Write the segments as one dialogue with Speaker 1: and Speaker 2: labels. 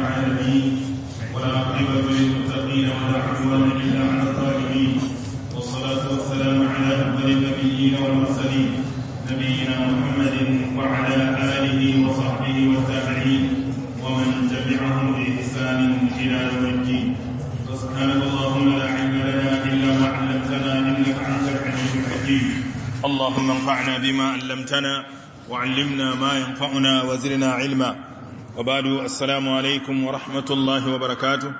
Speaker 1: العالمين ولا عقبة للمتقين ولا عدوان إلا على الظالمين والصلاة والسلام على أفضل النبيين والمرسلين نبينا محمد وعلى آله وصحبه والتابعين ومن تبعهم بإحسان إلى يوم الدين سبحانك اللهم لا علم لنا
Speaker 2: إلا ما علمتنا إنك أنت
Speaker 1: العليم الحكيم اللهم انفعنا بما علمتنا وعلمنا ما ينفعنا وزرنا علما wabadu assalamu alaikum wa rahmatullahi wa barakatu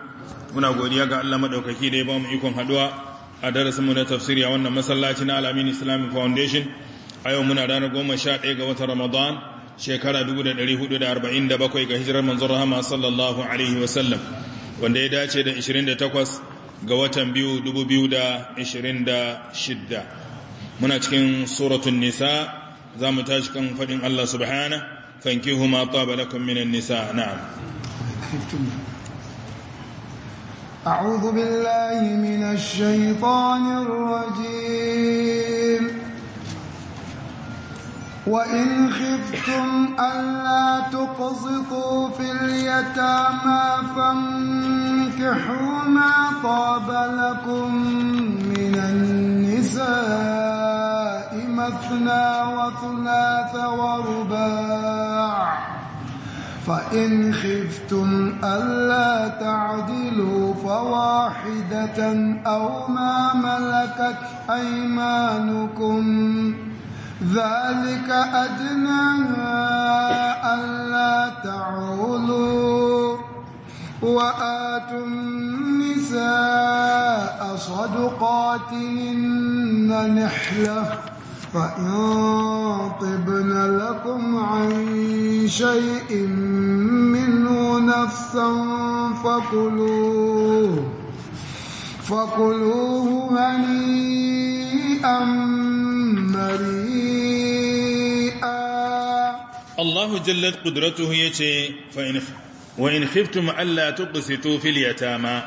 Speaker 1: muna godiya ga Allah maɗaukaki da ya ba mu ikon haɗuwa a mu na tafsiri a wannan masallaci na alamin islamic foundation a yau muna ranar goma sha ɗaya ga watan ramadan shekara 1447 ga hijirar manzon rahama sallallahu alaihi wanda ya dace da 28 ga watan biyu muna cikin suratun nisa za mu tashi kan faɗin Allah subhanahu فانكحوا ما طاب لكم من النساء نعم
Speaker 2: أعوذ بالله من الشيطان الرجيم وإن خفتم ألا تقسطوا في اليتامى فانكحوا ما طاب لكم من النساء مثنى وثلاث ورباع فإن خفتم ألا تعدلوا فواحدة أو ما ملكت أيمانكم ذلك أدنى ألا تعولوا وآتوا النساء صدقاتهن نحلة فإن طبن لكم عن شيء منه نفسا فكلوه فكلوه هنيئا مريئا
Speaker 1: الله جلت قدرته يتي فإن وإن خفتم ألا تقسطوا في اليتامى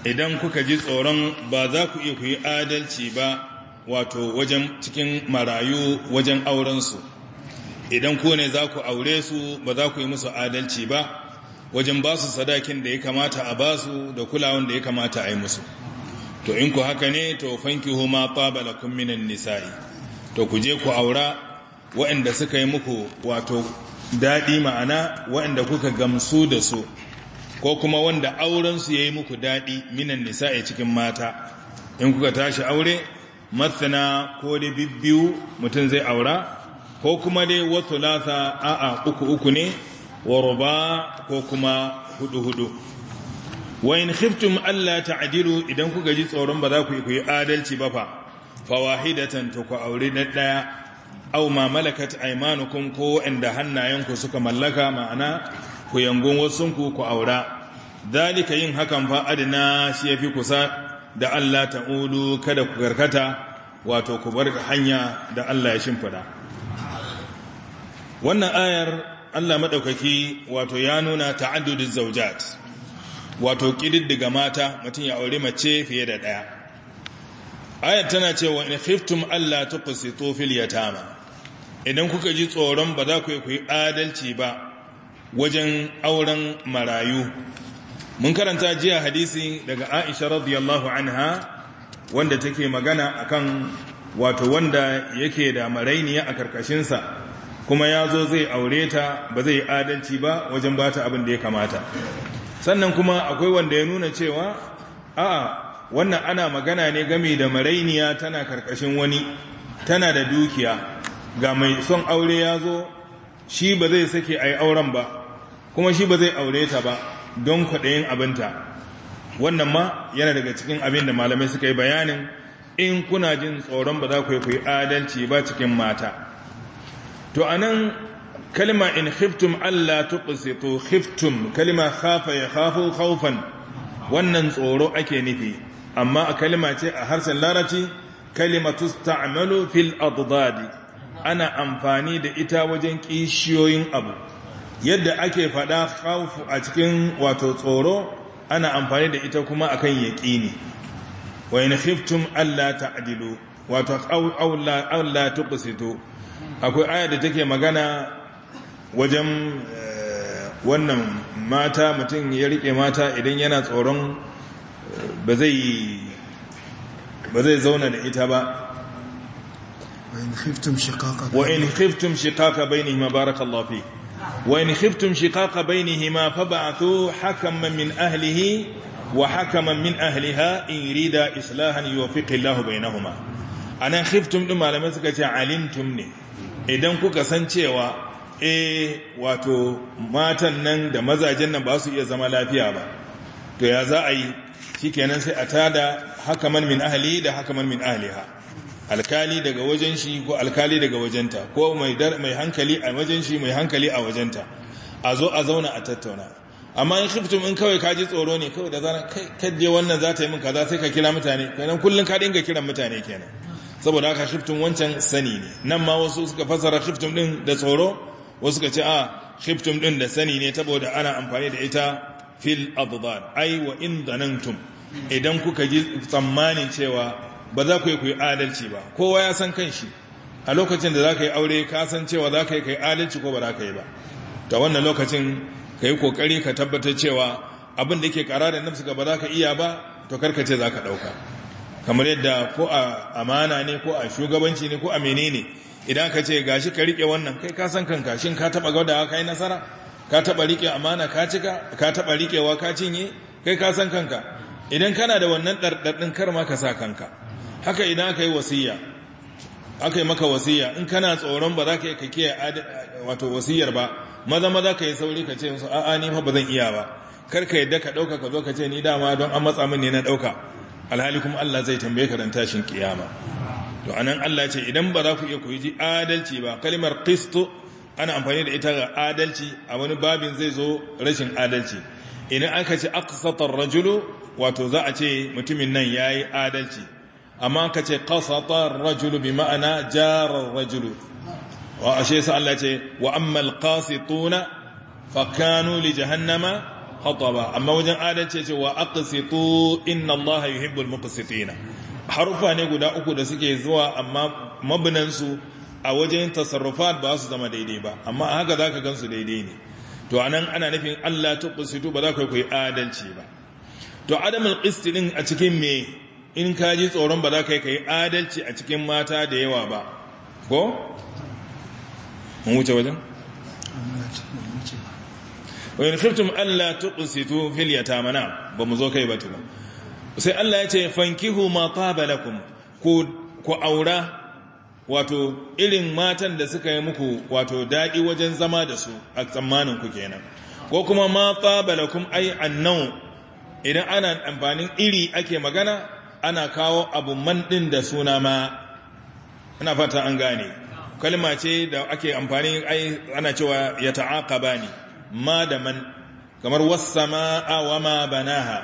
Speaker 1: idan kuka ji tsoron ba za ku iya ku yi adalci ba wato wajen cikin marayu wajen aurensu idan ku ne za ku aure su ba za ku yi musu adalci ba wajen ba su sadakin da ya kamata a ba su da kulawan da ya kamata a yi musu to in ku haka ne to fanki ma tabala kun minan nisa'i to ku je ku aura waɗanda suka yi muku wato daɗi ma'ana waɗanda kuka gamsu da su ko kuma wanda aurensu ya yi muku daɗi minan nisa'i cikin mata in kuka tashi aure masana ko dai bibbiyu mutum zai aura ko kuma dai wasu lasa a'a uku uku ne wa ruba ko kuma hudu hudu wa in khiftum alla ta'dilu idan kuka ji tsoron ba za ku yi adalci ba fa fawahidatan to ku aure na daya aw ma malakat aymanukum ko inda hannayenku suka mallaka ma'ana ku yangun wasunku ku aura dalika yin hakan fa adna shi yafi kusa da Allah ta'ulu kada ku karkata wato ku bar hanya da Allah ya shimfida wannan ayar Allah madaukaki wato ya nuna ta'addudiz zawjat wato kididdiga mata mutum ya aure mace fiye da daya ayar tana cewa in khiftum allah tuqsitu fil yatama idan kuka ji tsoron ba za ku yi adalci ba wajen auren marayu mun karanta jiya hadisi daga aisha radiyallahu anha wanda take magana akan wato wanda yake da marainiya a karkashinsa kuma yazo zai aure ta ba zai adalci ba wajen bata ta abin da ya kamata sannan kuma akwai wanda ya nuna cewa a wannan ana magana ne game da marainiya tana karkashin wani tana da dukiya ga mai son aure yazo shi ba zai sake a auren ba kuma shi ba zai aure ta ba don kwaɗayin abinta wannan ma yana daga cikin abin da malamai suka yi bayanin in kuna jin tsoron ba za ku yi adalci ba cikin mata to a nan, kalima in khiftum Allah to khiftum kalima hafa ya khafu haufan, wannan tsoro ake nufi amma a kalima ce a harshen larabci kalimatu sta'malu fil adad ana amfani da ita wajen kishiyoyin abu yadda ake faɗa khawfu a cikin wato tsoro ana amfani da ita kuma akan yaqini wa in khiftum alla ta'dilu wato Allah aula tuqsitu akwai aya da take magana wajen eh, wannan mata mutum ya rike mata idan yana tsoron eh, ba zai zauna da ita ba wa in khiftum shiqaqa bainihima barakallahu fihi Wani wa in khiftum shiqaqa bainihima fab'athu hakaman min ahlihi wa hakaman min ahliha in yurida islahan yuwaffiqu Allahu bainahuma anan khiftum ɗin malamai suka ce alintum ne idan kuka san cewa eh wato matan nan da mazajen nan ba su iya zama lafiya ba to ya za a yi kenan sai a tada hakaman min ahli da hakaman min ahliha alkali daga wajen shi ko alkali daga wajenta ko mai hankali a wajen shi mai hankali a wajenta a zo a zauna a tattauna amma in khiftum in kawai kaji tsoro ne kawai da zaran kai kaje wannan za ta yi min kaza sai ka kira mutane kenan kullun ka dinga kiran mutane kenan saboda haka khiftum wancan sani ne nan ma wasu suka fasara khiftum din da tsoro wasu suka ce a khiftum din da sani ne saboda ana amfani da ita fil addan ai wa in dhanantum idan kuka ji tsammanin cewa ba za ku yi ku yi adalci ba kowa ya san kan shi, a lokacin da za ka yi aure ka san cewa za ka yi ka yi adalci ko ba za ka yi ba ta wannan lokacin ka yi kokari ka tabbatar cewa abin da yake kararin da ka ba za ka iya ba to karkace za ka ɗauka kamar yadda ko a amana ne ko a shugabanci ne ko a ne idan ka ce ga shi ka riƙe wannan kai ka san kanka shin ka taɓa gwadawa ka yi nasara ka taɓa riƙe amana ka cika ka taɓa riƙewa ka cinye kai ka san kanka idan kana da wannan ɗarɗaɗɗin kar ma ka sa kanka haka idan aka yi wasiya aka yi maka wasiya in kana tsoron ba za ka yi kake wato wasiyar ba maza maza ka yi sauri ka ce musu a'a ni ma ba zan iya ba kar ka yadda ka dauka ka zo ka ce ni dama don an matsa min ne na dauka alhali kuma Allah zai tambaye ka dan tashin kiyama to anan Allah ce idan ba za ku iya koyi adalci ba kalimar qist ana amfani da ita ga adalci a wani babin zai zo rashin adalci idan aka ce aqsatar rajulu wato za a ce mutumin nan yayi adalci amma ka ce qasatar rajulu bi ma'ana jarar rajulu wa ashe sa Allah ce wa amma alqasituna fa kanu li jahannama hataba amma wajen adalce ce wa aqsitu inna Allah yuhibbul muqsitina harufa ne guda uku da suke zuwa amma mabinansu a wajen tasarrufat ba su zama daidai ba amma haka zaka gansu daidai ne to nan ana nufin Allah ta ba za ku yi adalci ba to adamul qist din a cikin me in ka ji tsoron ba za ka yi ka yi adalci a cikin mata da yawa ba ko? wuce wajen? wani kirtum Allah filiya ta mana ba mu zo kai ba tuba sai Allah ya ce fankihu ma qabalakum ku ku aura wato irin matan da suka yi muku wato daɗi wajen zama da su a tsammanin ku kenan ko kuma ma balakun ai annau idan ana amfanin iri ake magana ana kawo abu man ɗin da suna ma ina fata an gane kalma ce da ake amfani ana cewa ya ta'aqaba ne ma da man kamar was-samaa wa ma banaha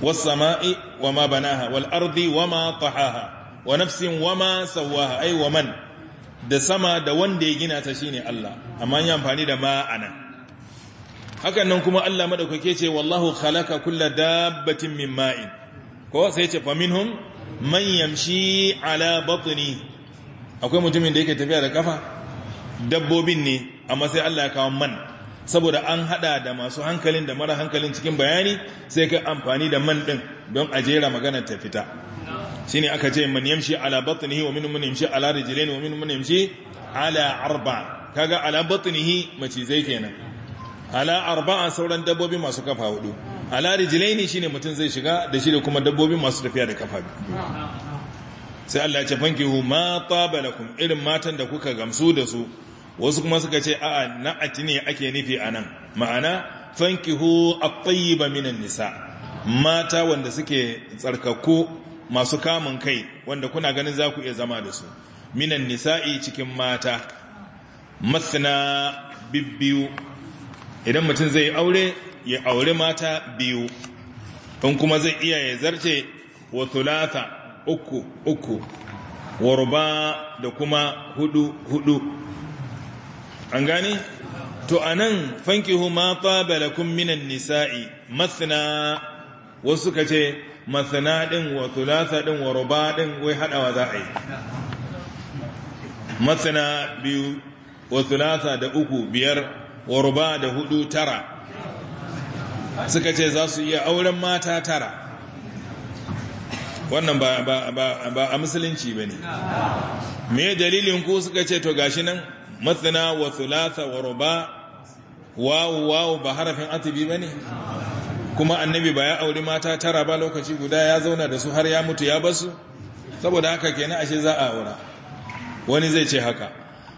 Speaker 1: was-samaa'i wa ma banaha wal ardi wa ma tahaha wa nafsin wa ma sawaha ai wa man da sama da wanda ya gina ta shine Allah amma yi amfani da ma anan hakan nan kuma Allah madaukake ce wallahu khalaqa kulla dabbatin min ma'in ko sai ce faminhum man yamshi ala batni akwai mutumin da yake tafiya da kafa dabbobin ne amma sai Allah ya kawo man saboda an hada da masu hankalin da mara hankalin cikin bayani sai ka amfani da man din don a jera maganar ta fita shine aka ce man yamshi ala batnihi wa minhum man yamshi ala rijlaini wa minhum man yamshi ala arba kaga ala batnihi macizai kenan ala arba'a sauran dabbobi masu kafa hudu alari jilaini shine mutum zai shiga da shi da kuma dabbobin masu tafiya da kafa sai Allah ya ce hu! ma tabalakum irin matan da kuka gamsu da su wasu kuma suka ce a'a na'ati ne ake nufi anan ma'ana fanki fankihu at-tayyiba minan nisa mata wanda suke tsarkaku masu kamun kai wanda kuna ganin za ku iya zama da su minan nisa'i cikin mata masna bibbiyu idan mutum zai aure ya aure mata biyu in kuma zai iya ya zarce wa tulata uku uku wa ruba da kuma hudu hudu an gani to anan fanki ma taba kun minan nisa'i masana wasu ka ce masana din wa tulata din wa ruba din wai hadawa za a yi masana biyu wa tulata da uku biyar wa ruba da hudu tara suka ce za su iya auren mata tara wannan ba a musulunci ba ne me dalilin ku suka ce to gashi nan matsina wa thulatha wa ruba wawu wawu ba harafin atibi ba ne kuma annabi ba ya auri mata tara ba lokaci guda ya zauna da su har ya mutu ya basu saboda haka kenan ashe za a aura wani zai ce haka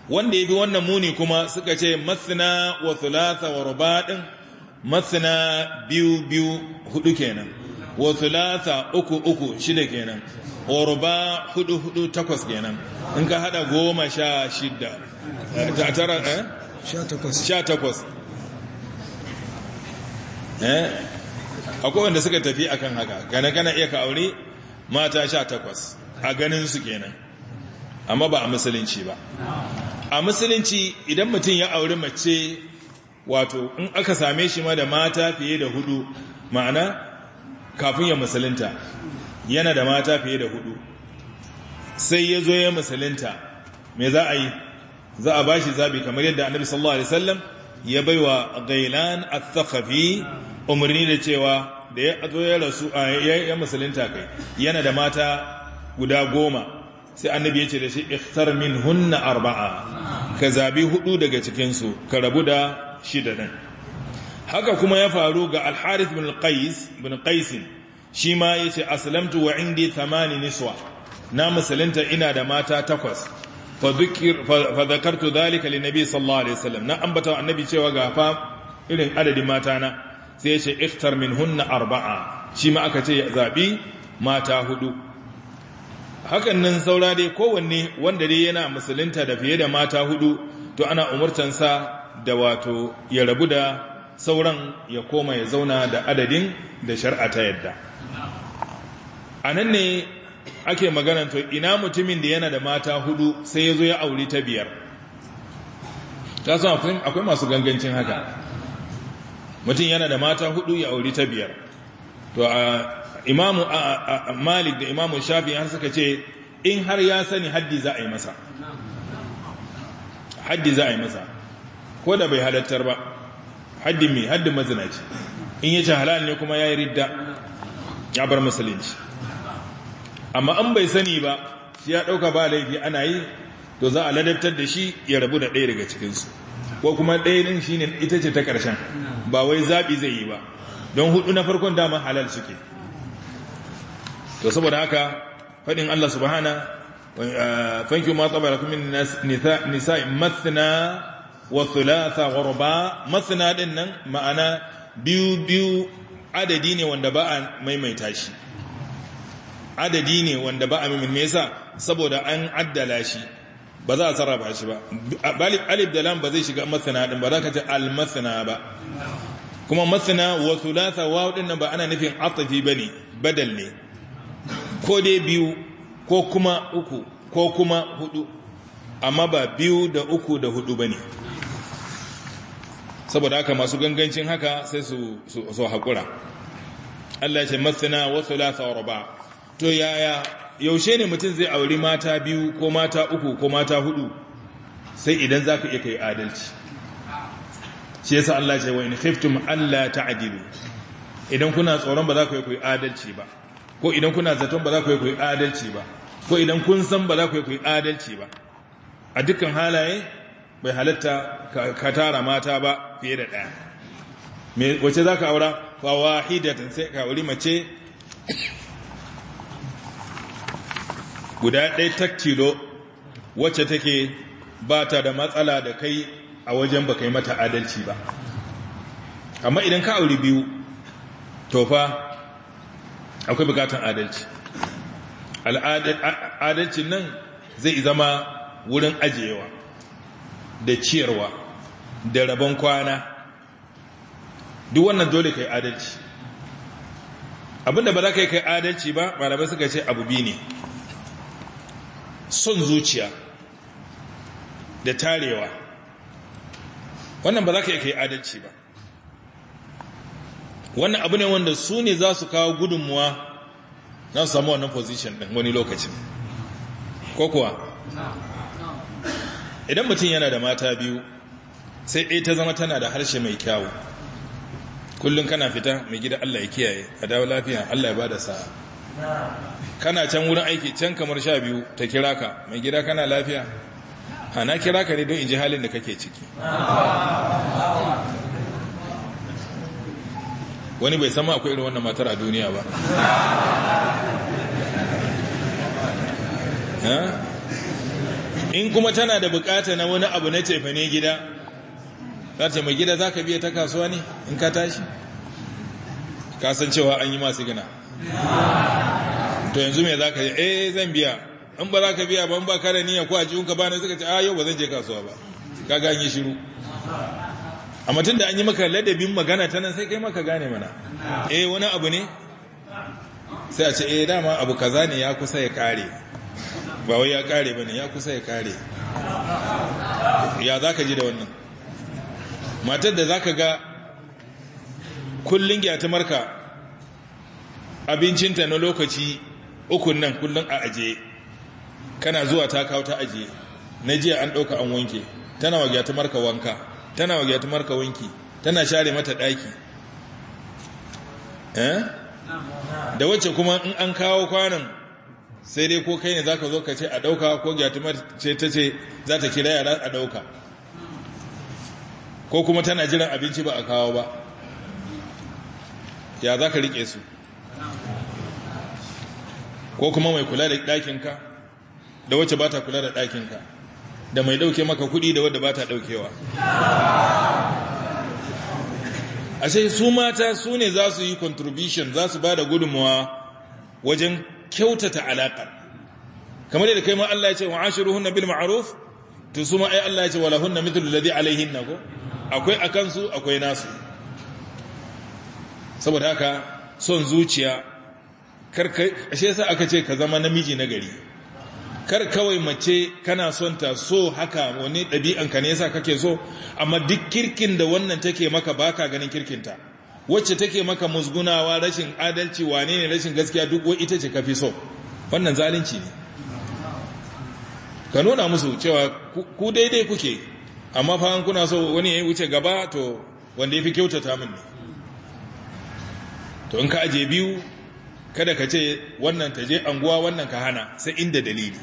Speaker 1: wanda ya fi wannan muni kuma suka ce matsina wa thulatha wa ruba din masana biyu biyu hudu kenan wa thulatha uku uku shida kenan wa ruba hudu hudu takwas kenan in ka hada goma sha shida ta tara eh sha takwas eh akwai wanda suka tafi akan haka gane gana iya ka aure mata sha takwas a ganin su kenan amma ba a musulunci ba a musulunci idan mutum ya aure mace wato in aka same shi ma da mata fiye da hudu ma'ana kafin ya musulunta yana da mata fiye da hudu sai ya zo ya musulunta mai za a yi za a ba shi zabi kamar yadda annabi sallallahu alaihi wasallam ya baiwa gailan a thaqafi umarni da cewa da ya zo ya rasu a ya musulunta kai yana da mata guda goma sai annabi ya ce da shi ikhtar min hunna arba'a ka zabi hudu daga cikinsu ka rabu da shida nan. haka kuma ya faru ga alharith bin qais bin qaisin shi ma ya ce aslamtu wa indi thamani niswa na musulunta ina da mata takwas fa zakartu dhalika lin nabi sallallahu alaihi wasallam na ambata annabi cewa ga fa irin adadin mata na sai ya ce iftar minhunna arba'a shi ma aka ce zaɓi zabi mata hudu hakan nan saura dai kowanne wanda dai yana musulunta da fiye da mata hudu to ana umurtansa da wato ya rabu da sauran ya koma ya zauna da adadin da shar'a ta yadda a nan ne ake maganan to ina mutumin da yana da mata hudu sai ya zo ya auri ta biyar ta san akwai masu gangancin haka mutum yana da mata hudu ya auri ta biyar to a imamu malik da imamu shafi har suka ce in har ya sani haddi za a yi masa haddi za a yi masa ko da bai halattar ba haddin mai haddin mazinaci in ce halal ne kuma ya yi ridda ya bar musulunci amma an bai sani ba shi ya ɗauka ba laifi ana yi to za a ladabtar da shi ya rabu da ɗaya daga cikinsu ko kuma ɗaya ɗin shi ne ita ce ta ƙarshen ba wai zaɓi zai yi ba don hudu na farkon dama halal suke to saboda haka faɗin Allah subhana eh, fanki ma tsabara nisa'i mathna wa thulatha ghurba masna din nan ma'ana biyu biyu adadi ne wanda ba a maimaita shi adadi ne wanda ba a maimaita yasa saboda an addala shi ba za a sarrafa shi ba alif da lam ba zai shiga masna din ba za ka ce al masna ba kuma masna wa thulatha wa din nan ba ana nufin ba ne, badal ne ko dai biyu ko kuma uku ko kuma hudu amma ba biyu da uku da hudu bane saboda haka masu gangancin haka sai su so haƙura Allah ya ce masana wasu thalatha wa to yaya yaushe ne mutum zai auri mata biyu ko mata uku ko mata hudu sai idan zaka iya kai adalci shi yasa Allah ce wa in khiftum alla ta'dilu idan kuna tsoron ba za ku yi ku adalci ba ko idan kuna zaton ba za ku yi ku adalci ba ko idan kun san ba za ku yi ku adalci ba a dukkan halaye bai halatta ka tara mata ba fiye da ɗaya wace za ka aura ba wa, hidatan sai ka auri mace guda ɗaya ta kilo wacce take ba ta da matsala da kai a wajen ba kai mata adalci ba amma idan ka auri biyu tofa akwai bukatan adalci al'adalcin nan zai zama wurin ajiyewa da ciyarwa da rabon kwana duk wannan dole kai adalci abinda ba za ka yi kai adalci ba malamai suka ce abu biyu ne son zuciya da tarewa wannan ba za ka yi kai adalci ba wannan abu ne wanda su ne za su kawo gudunmuwa na samu wannan position ɗin wani lokacin ko kuwa idan mutum yana da mata biyu sai ɗaya ta zama tana da harshe mai kyawu kullum kana fita mai gida Allah ya kiyaye a dawo lafiya Allah ya bada sa'a kana can wurin aiki can kamar sha biyu ta kira ka mai gida kana lafiya ana kira ka ne don in ji halin da kake ciki wani bai sama akwai irin wannan matar a duniya ba eh? in kuma tana da bukata na wani abu na tefe ne gida za ta mai gida za ka biya ta kasuwa ne in ka tashi kasancewa an yi masu gina to yanzu mai za ka yi eh zan biya in ba za ka biya ban ba kare niyya ko a jiunka ba na suka ce a ah, yau ba zan je kasuwa ba ka ganye shiru a mutum da an yi maka ladabin magana ta nan sai kai maka gane mana eh wani abu ne sai a ce eh dama abu kaza ne ya kusa ya kare ba wai ya kare ba ne ya kusa ya kare ya za ka ji da wannan matar da za ka ga kullum ya ta marka abincinta na lokaci ukun nan kullum a ajiye kana zuwa ta kawo ta ajiye na jiya an ɗauka an wanke tana wa ya ta marka wanka tana wa ya ta marka wanki tana share mata ɗaki eh? da wacce kuma in an kawo kwanan sai dai ko kai ne za ka zo ka ce a ɗauka ko gyatumar ce ta ce za ta kira yara a ɗauka ko kuma tana jiran abinci ba a kawo ba ya za ka riƙe su ko kuma mai kula da ɗakinka da wacce ba ta kula da ɗakinka da mai ɗauke maka kuɗi da wadda ba ta ɗaukewa ashe su mata su ne za su yi contribution za su ba da gudunmuwa wajen kyautata alaƙar kamar yadda kai ma Allah ya ce wa'ashiruhunna bil ma'ruf to su ma ai Allah ya ce walahunna mithlu alladhi alaihinna ko akwai akan su akwai nasu saboda haka son zuciya kai ashe yasa aka ce ka zama namiji na gari kar kawai mace kana son ta so haka wani ka ne yasa kake so amma duk kirkin da wannan take maka baka ganin kirkinta wacce take maka musgunawa rashin adalci wane ne rashin gaskiya duk wai ita ce ka fi so wannan zalunci ne ka nuna musu cewa ku daidai kuke amma fa kuna so wani ya wuce gaba to wanda ya fi kyautata min ne to in ka aje biyu kada ka ce wannan ta je anguwa wannan ka hana sai inda dalili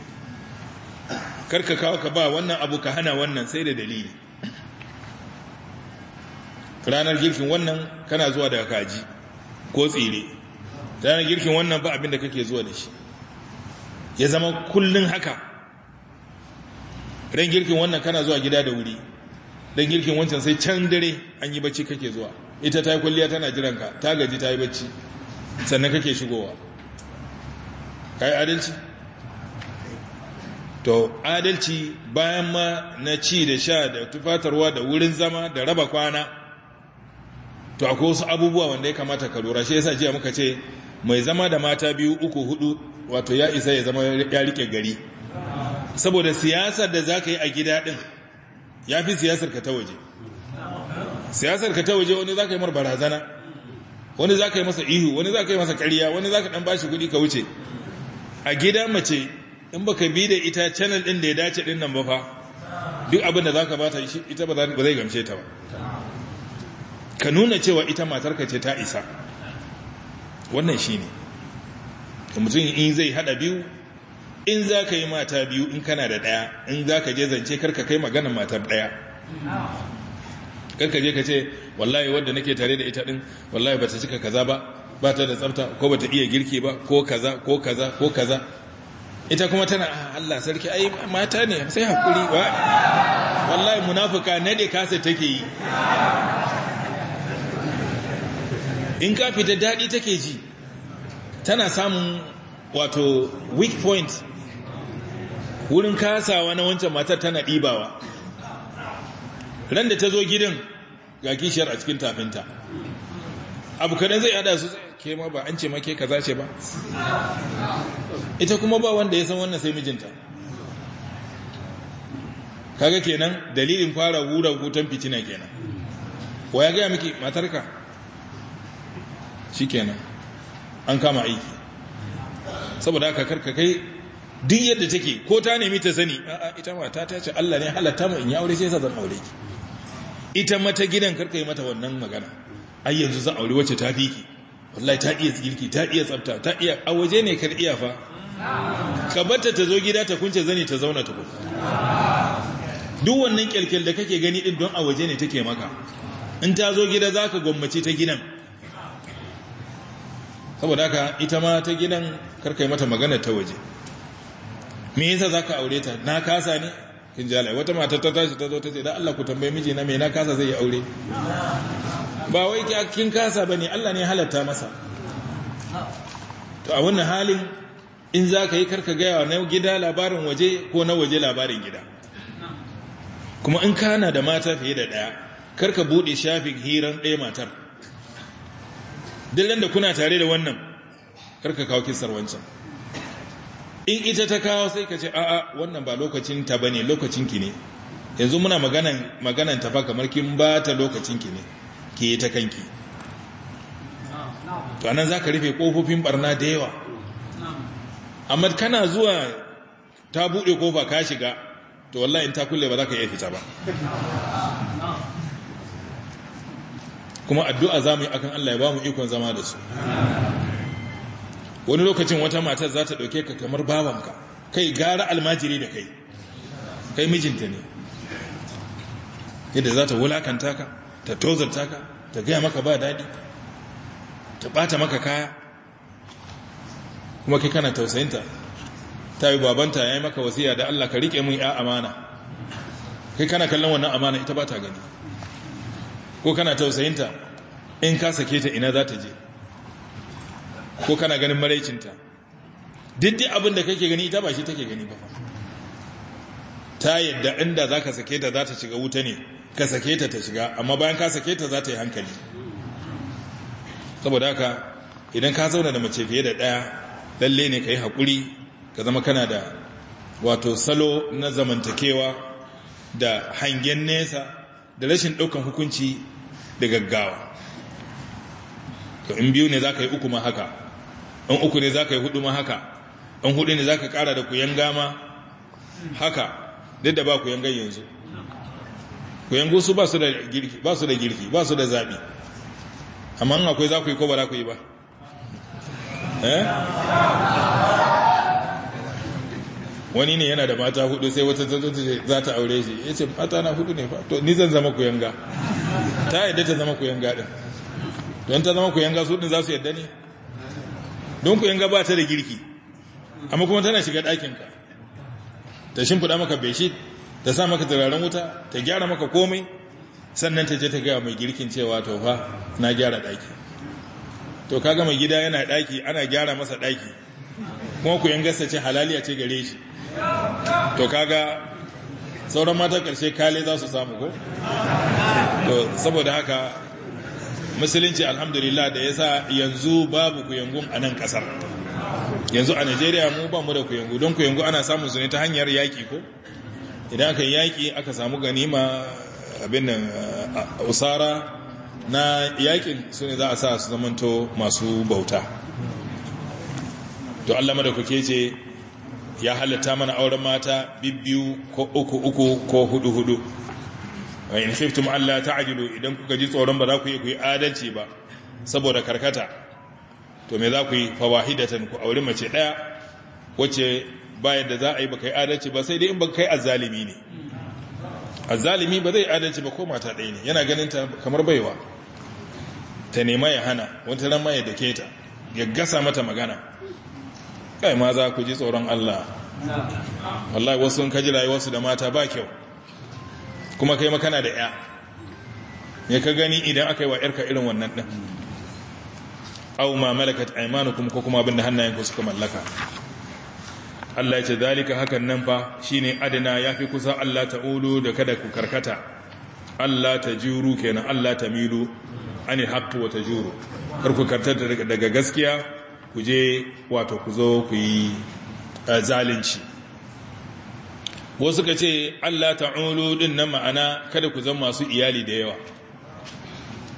Speaker 1: karka kawo ka ba wannan abu ka hana wannan sai da dalili ranar girkin wannan kana zuwa daga kaji ko tsire ranar girkin wannan ba abin da kake zuwa da shi ya zama kullun haka ran girkin wannan kana zuwa gida da wuri ran girkin wancan sai can dare an yi bacci kake zuwa ita ta yi kwalliya tana jiranka ta gaji ta yi bacci sannan kake shigowa ka yi adalci to adalci bayan ma na ci da sha da tufatarwa da wurin zama da raba kwana to akwai wasu abubuwa wanda ya kamata ka lura shi yasa jiya muka ce mai zama da mata biyu uku hudu wato ya isa ya zama ya rike gari saboda siyasar da za ka yi a gida din ya fi siyasar ka ta waje siyasar ka ta waje wani za ka yi mar barazana wani za ka yi masa ihu wani za ka yi masa kariya, wani za ka dan bashi kuɗi ka wuce a gida mace in baka bi da ita channel din da ya dace din nan ba fa duk abin da za ka bata ita ba zai gamshe ta
Speaker 2: ba
Speaker 1: ka nuna cewa ita matarka ce ta isa wannan shi ne mutum in zai hada biyu in za ka yi mata biyu in kana da daya in za ka je zance karka kai magana matar daya karka je ka ce wallahi wadda nake tare da ita din wallahi ba ta cika kaza ba ba ta da tsafta ko ba ta iya girki ba ko kaza ko kaza ko kaza ita kuma tana ah, Allah sarki ai mata ne sai hakuri wallahi wallahi munafuka da kasa take yi in ka fita daɗi take ji tana samun wato weak point wurin kasawa na wancan matar tana ɗibawa Randa ta zo gidan ga kishiyar a cikin tafinta abu kaɗan zai yada su ke ma ba an ce ma ke kaza ce ba ita kuma ba wanda ya san wannan sai mijinta kaga kenan dalilin fara wura hutan fitina kenan wa ya gaya miki matarka shikenan an kama aiki saboda haka karka kai duk yadda take ko ta nemi ta sani a'a ita mata ta ce Allah ne halatta mu in ya aure sai sa zan aure ki ita mata gidan karka yi mata wannan magana ai yanzu zan aure wacce ta fi wallahi ta iya girki ta iya tsafta ta iya a waje ne kar iya fa ka batta ta zo gida ta kunce zani ta zauna ta duk wannan kyalkyal da kake gani din don a waje ne take maka in ta zo gida zaka gwammace ta gidan saboda haka ita ma ta gidan karkai mata magana ta waje me yasa zaka aure ta na kasa ne kin jala wata mata ta tashi ta zo ta ce da Allah ku tambaye miji na me na kasa zai yi aure ba wai kin kasa bane Allah ne halatta masa to a wannan halin in za yi karka gaya na gida labarin waje ko na waje labarin gida kuma in kana da mata fiye da ɗaya karka buɗe shafin hiran ɗaya matar dillan da kuna tare da wannan karka kawo kisar wancan in ita ta kawo sai ka ce a'a wannan ba lokacin ta bane lokacin ki ne yanzu muna maganan maganan ta fa kamar kin ba ta lokacin ki ne ke ta kanki to anan zaka rufe kofofin barna da yawa amma kana zuwa ta bude kofa ka shiga to wallahi in ta kulle ba za ka iya fita ba kuma addu'a za mu yi akan Allah ya ba mu ikon zama da su wani lokacin wata matar za ta ɗauke ka kamar babanka kai gara almajiri da kai kai mijinta ne yadda za ta wulakanta ka ta tozarta ka ta gaya maka ba daɗi ta ɓata maka kaya kuma kai kana tausayinta ta yi babanta ya yi maka wasiya da Allah ka riƙe mun ya amana kai kana kallon wannan amana ita ba ta gani ko kana tausayinta in ka sake ta ina za ta je ko kana ganin maraicinta diddi abin da kake gani ita ba shi take gani ba ta yadda inda za ka sake ta za ta shiga wuta ne ka sake ta ta shiga amma bayan ka sake ta za ta yi hankali saboda haka idan ka zauna da mace fiye da ɗaya lalle ne ka yi haƙuri ka zama kana da wato salo na zamantakewa da hangen nesa da rashin ɗaukan hukunci da gaggawa to in biyu ne za ka yi uku ma haka in uku ne za ka yi hudu ma haka in hudu ne za ka kara da kuyanga ma haka duk da ba kuyangan yanzu kuyangu su ba su da girki ba su da zaɓi amma in akwai za ku yi ko ba za ku yi ba eh wani ne yana da mata hudu sai wata za ta aure shi ya ce mata na hudu ne fa to ni zan zama kuyanga ta yadda ta zama kuyanga din don ta zama kuyanga su din za su yadda ne don kuyanga ba ta da girki amma kuma tana shiga ɗakinka ta shimfiɗa maka beshi ta sa maka turaren wuta ta gyara maka komai sannan ta je ta gaya mai girkin cewa to fa na gyara ɗaki to kaga mai gida yana ɗaki ana gyara masa ɗaki kuma kuyan gasta ce halaliya ce gare shi to kaga sauran mata karshe kale za su samu ko to saboda haka musulunci alhamdulillah da yasa yanzu babu kuyangun a nan kasar yanzu a Najeriya mu ba mu da kuyangu don kuyangu ana samun su ne ta hanyar yaki ko idan aka yaki aka samu ganima abin nan usara na yakin su ne za a sa su zamanto masu bauta to da kuke ce ya halatta mana auren mata bibbiyu ko uku uku ko hudu hudu wa in khiftum alla ta'jilu idan kuka ji tsoron ba za ku yi ku yi adalci ba saboda karkata to me za ku yi wahidatan ku auri mace daya wacce ba yadda za a yi ba yi adalci ba sai dai in ba kai azzalimi ne azzalimi ba zai adalci ba ko mata ɗaya ne yana ganin ta kamar baiwa ta nema ya hana wata ran ma ya dake ta ya gasa mata magana kai ma za ku ji tsoron Allah wallahi wasu sun kaji rayuwarsu da mata ba kyau kuma kai kana da ya ya ka gani idan aka yi wa yarka irin wannan ɗin au ma malakat kuma ko kuma abinda hannayenku suka mallaka Allah ya ce zalika hakan nan fa shine adana yafi kusa Allah ulu da kada ku karkata Allah ta juru kenan Allah ta milu ani haqqi wa tajuru karku karkata daga gaskiya ku je wato ku zo ku yi eh, zalunci wasu ka ce Allah ta'ulu din nan ma'ana kada ku zama masu iyali da yawa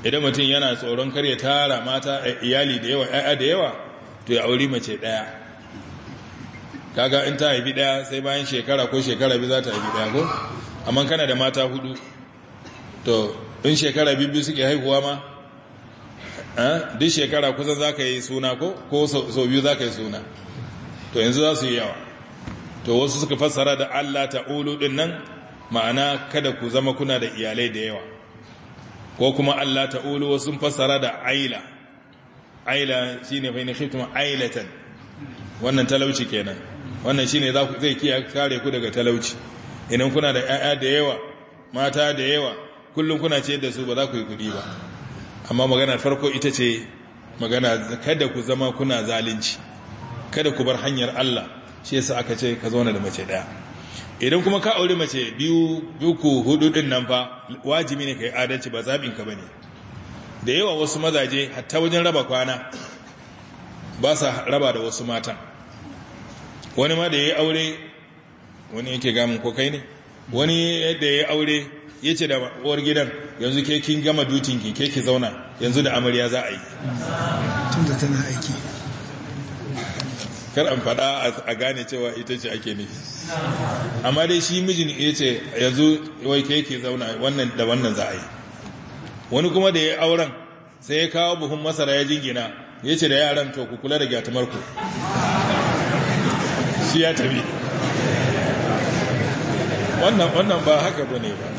Speaker 1: idan mutum yana tsoron kar ya tara mata eh, iyali da yawa ya'ya da yawa to ya auri mace daya kaga in ta haifi daya sai bayan shekara ko shekara biyu za ta haifi daya ko amma kana da mata hudu to in shekara biyu suke haihuwa ma duk shekara kusan za ka yi suna ko sau biyu za ka yi suna to yanzu za su yi yawa to wasu suka fassara da allah ta'ulu din nan ma'ana kada ku zama kuna da iyalai da yawa ko kuma allah ta'ulu wasu fassara da aila aila shi ne fa ina ailatan wannan talauci kenan wannan shi ne zai kiya kare ku daga talauci idan kuna da 'ya'ya da yawa mata da yawa kullum kuna ce da su ba za ku yi kuɗi ba amma magana farko ita ce magana kada ku zama kuna zalunci kada ku bar hanyar Allah shi yasa aka ce ka zauna da mace daya idan kuma ka aure mace biyu uku hudu din nan fa wajibi ne kai adalci ba zabin ka bane da yawa wasu mazaje hatta wajen raba kwana ba sa raba da wasu matan wani ma da yayi aure wani yake gamin ko kai ne wani da yayi aure ya ce da uwar gidan yanzu ke kin gama dutinki ke ki zauna yanzu da amarya za a yi
Speaker 2: tun da tana aiki
Speaker 1: kar an faɗa a gane cewa ita ce ake nufi amma dai shi mijin ya ce yanzu wai ke ke zauna wannan da wannan za a yi wani kuma da ya auren sai ya kawo buhun masara ya jingina ya ce da yaran to ku kula da gyatumarku shi ya tabi wannan ba haka ba ne ba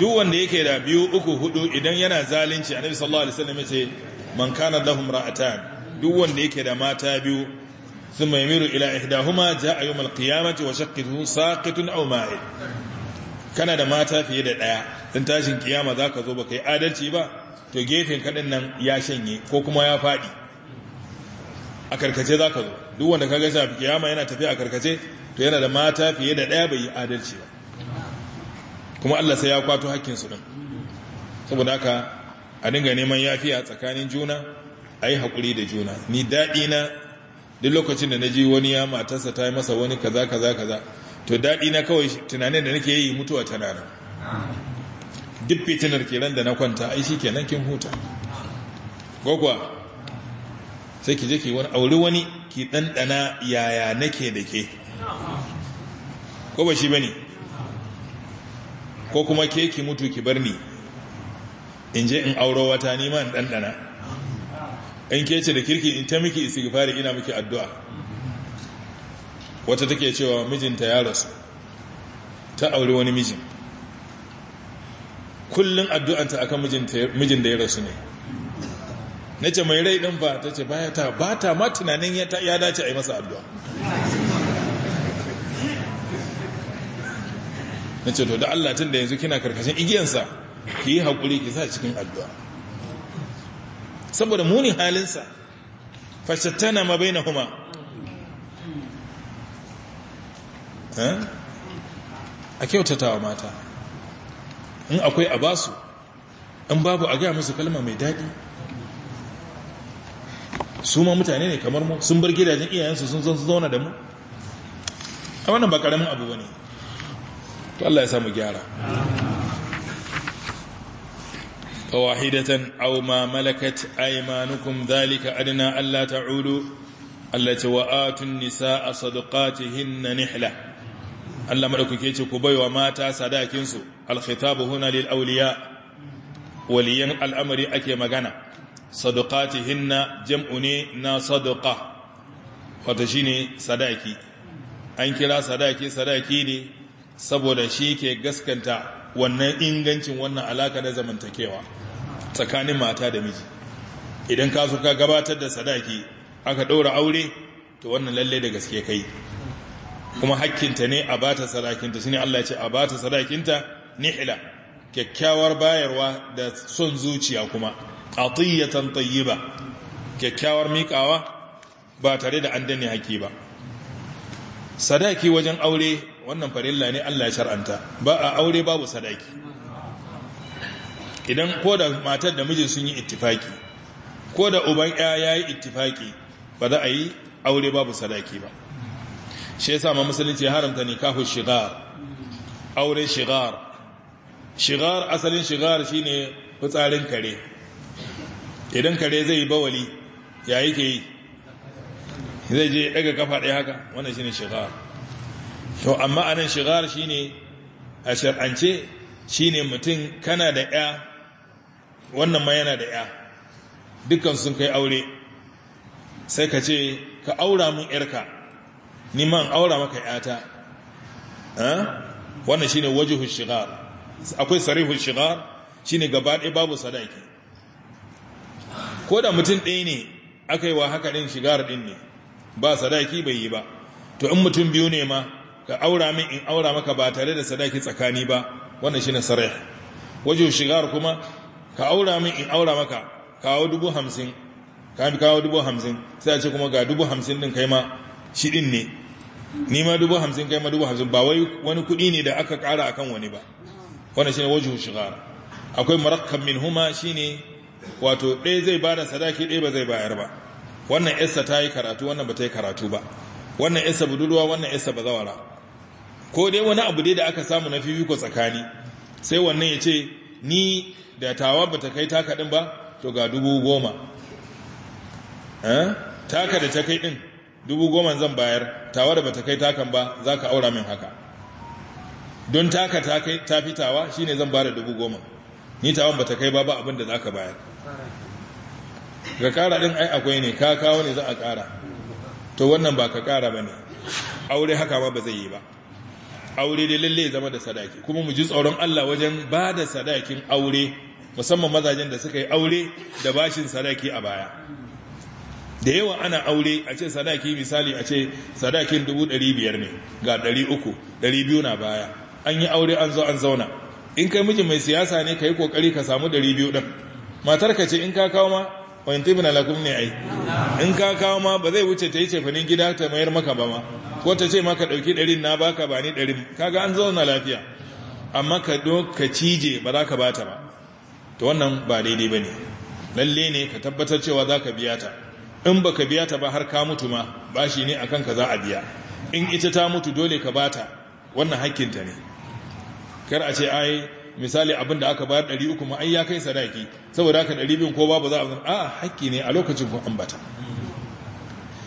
Speaker 1: duk wanda yake da biyu uku hudu idan yana zalunci annabi sallallahu alaihi wasallam yace man kana lahum ra'atan duk wanda yake da mata biyu thumma yamiru ila ihdahuma jaa yawm alqiyamati wa shaqqihu saqitun aw ma'il kana da mata fiye da daya dan tashin kiyama zaka zo baka yi adalci ba to gefen din nan ya shanye ko kuma ya fadi a karkace zaka zo duk wanda kaga a kiyama yana tafiya a karkace to yana da mata fiye da daya bai yi adalci ba kuma Allah sai ya kwato haƙƙinsu din saboda haka a dinga neman yafiya tsakanin juna a yi haƙuri da juna ni daɗi na duk lokacin da na ji wani ya matarsa ta yi masa wani kaza kaza kaza to daɗi na kawai tunanin da nake yi mutuwa ta nana duk fitinar kiran da na kwanta ai shi kenan kin huta gwagwa sai ki je ki wani auri wani ki ɗanɗana yaya nake da ke ko ba shi ba ne ko kuma ke ki mutu ki bar ni in je in auro wata neman ɗanɗana in ke ce da kirki in ta miki istighfari ina miki addu'a wata take cewa mijinta ya rasu ta auri wani mijin kullum addu'anta akan mijin da ya rasu ne na ce mai rai ɗin ba ta ce ba ta ma tunanin ya dace a yi masa addu'a na ce to da Allah tun da yanzu kina karkashin igiyansa ki yi haƙuri ki sa cikin addu'a saboda muni halinsa fashattana ma bai na huma a kyautatawa mata in akwai a basu in babu a gaya musu kalma mai daɗi su ma mutane ne kamar mu sun bar gidajen iyayensu sun zauna da mu a wannan ba ƙaramin abu ba ne to Allah ya samu gyara fawahidatan aw ma malakat aymanukum dhalika adna alla ta'ulu allati wa'atun nisaa sadaqatihinna nihla Allah madaukake ce ku baiwa mata sadakin su alkhitabu huna lil awliya waliyan al'amari ake magana sadaqatihinna jam'u ne na sadaqa wato shine sadaki an kira sadaki sadaki ne saboda shi ke gaskanta wannan ingancin wannan alaka da zamantakewa tsakanin mata da miji idan ka so ka gabatar da sadaki aka ɗaura aure to wannan lalle da gaske kai kuma hakkinta ne a bata sadakinta ne Allah ce a bata sadakinta nihla kyakkyawar bayarwa da son zuciya kuma A atiyatan tayyiba kyakkyawar miƙawa ba tare da an danne haƙi ba sadaki wajen aure wannan farilla ne Allah ya shar'anta ba a aure babu sadaki idan ko da matar da mijin sun yi ittifaki ko da uban ya yayi ittifaki ba za a yi aure babu sadaki ba shi yasa ma musulunci haramta nikahu shigar aure shigar shigar asalin shigar shine fitsarin kare idan kare zai yi bawali ya yake yi zai je daga kafa ɗaya haka wannan shine shigar to amma anan shigar shine a shar'ance shine mutum kana da ya wannan ma yana da ya dukkan sun kai aure sai ka ce ka aura mun yarka ni man aura maka yata wannan shine wajihul shigar akwai sarihul shigar shine gaba ɗaya babu sadaki ko da mutum ɗaya ne aka yi wa haka ɗin shigar ɗin ne ba sadaki bai yi ba to in mutum biyu ne ma ka aura min in aura maka ba tare da sadaki tsakani ba wannan shine sarih wajen shigar kuma ka aura min in aura maka kawo dubu hamsin ka bi kawo dubu hamsin sai a ce kuma ga dubu hamsin din kai ma shi din ne ni ma dubu hamsin kai ma dubu hamsin ba wai wani kuɗi ne da aka ƙara akan wani ba wannan shine wajen shigar akwai murakkab min huma shine wato ɗaya zai bada sadaki ɗaya ba zai bayar ba wannan yarsa ta yi karatu wannan ba ta yi karatu ba wannan yarsa budurwa wannan yarsa ba ko dai wani abu dai da aka samu na fifiko tsakani sai wannan ya ce ni da tawa ba ta kai taka ɗin ba to ga dubu goma eh? taka da ta kai ɗin dubu goma zan bayar tawa da ba ta kai takan ba za ka aura min haka don taka ta fi tawa shi ne zan bada dubu goma ni tawan ba ta kai ba ba abin da za ka bayar ga kara ɗin ai akwai ne ka kawo ne za a kara to wannan ba ka kara ba ne aure haka ma ba zai yi ba aure dai lalle zama da sadaki kuma mu ji tsoron Allah wajen ba da sadakin aure musamman mazajen da suka yi aure da bashin sadaki a baya da yawa ana aure a ce sadaki misali a ce sadakin 500 ne ga 300 200 na baya an yi aure an zo an zauna in kai mijin mai siyasa ne ka yi kokari ka samu 200 din matar ka ce in ka kawo ma wani tibina alakum ne ai in ka kawo ma ba zai wuce ta yi cefanin gida ta mayar maka ba ma ko ta ce maka ɗauki ɗarin na baka ba ni ɗarin kaga an zauna lafiya amma ka ka cije ba za ka bata ba Ta wannan ba daidai ba ne lalle ne ka tabbatar cewa za ka biya ta in ba ka biya ta ba har ka mutu ma ba shi ne a kanka za a biya in ita ta mutu dole ka bata wannan hakkinta ne kar a ce ai misali abin da aka bayar ɗari uku ai ya kai sadaki saboda haka bin ko babu za a a hakki ne a lokacin kun ambata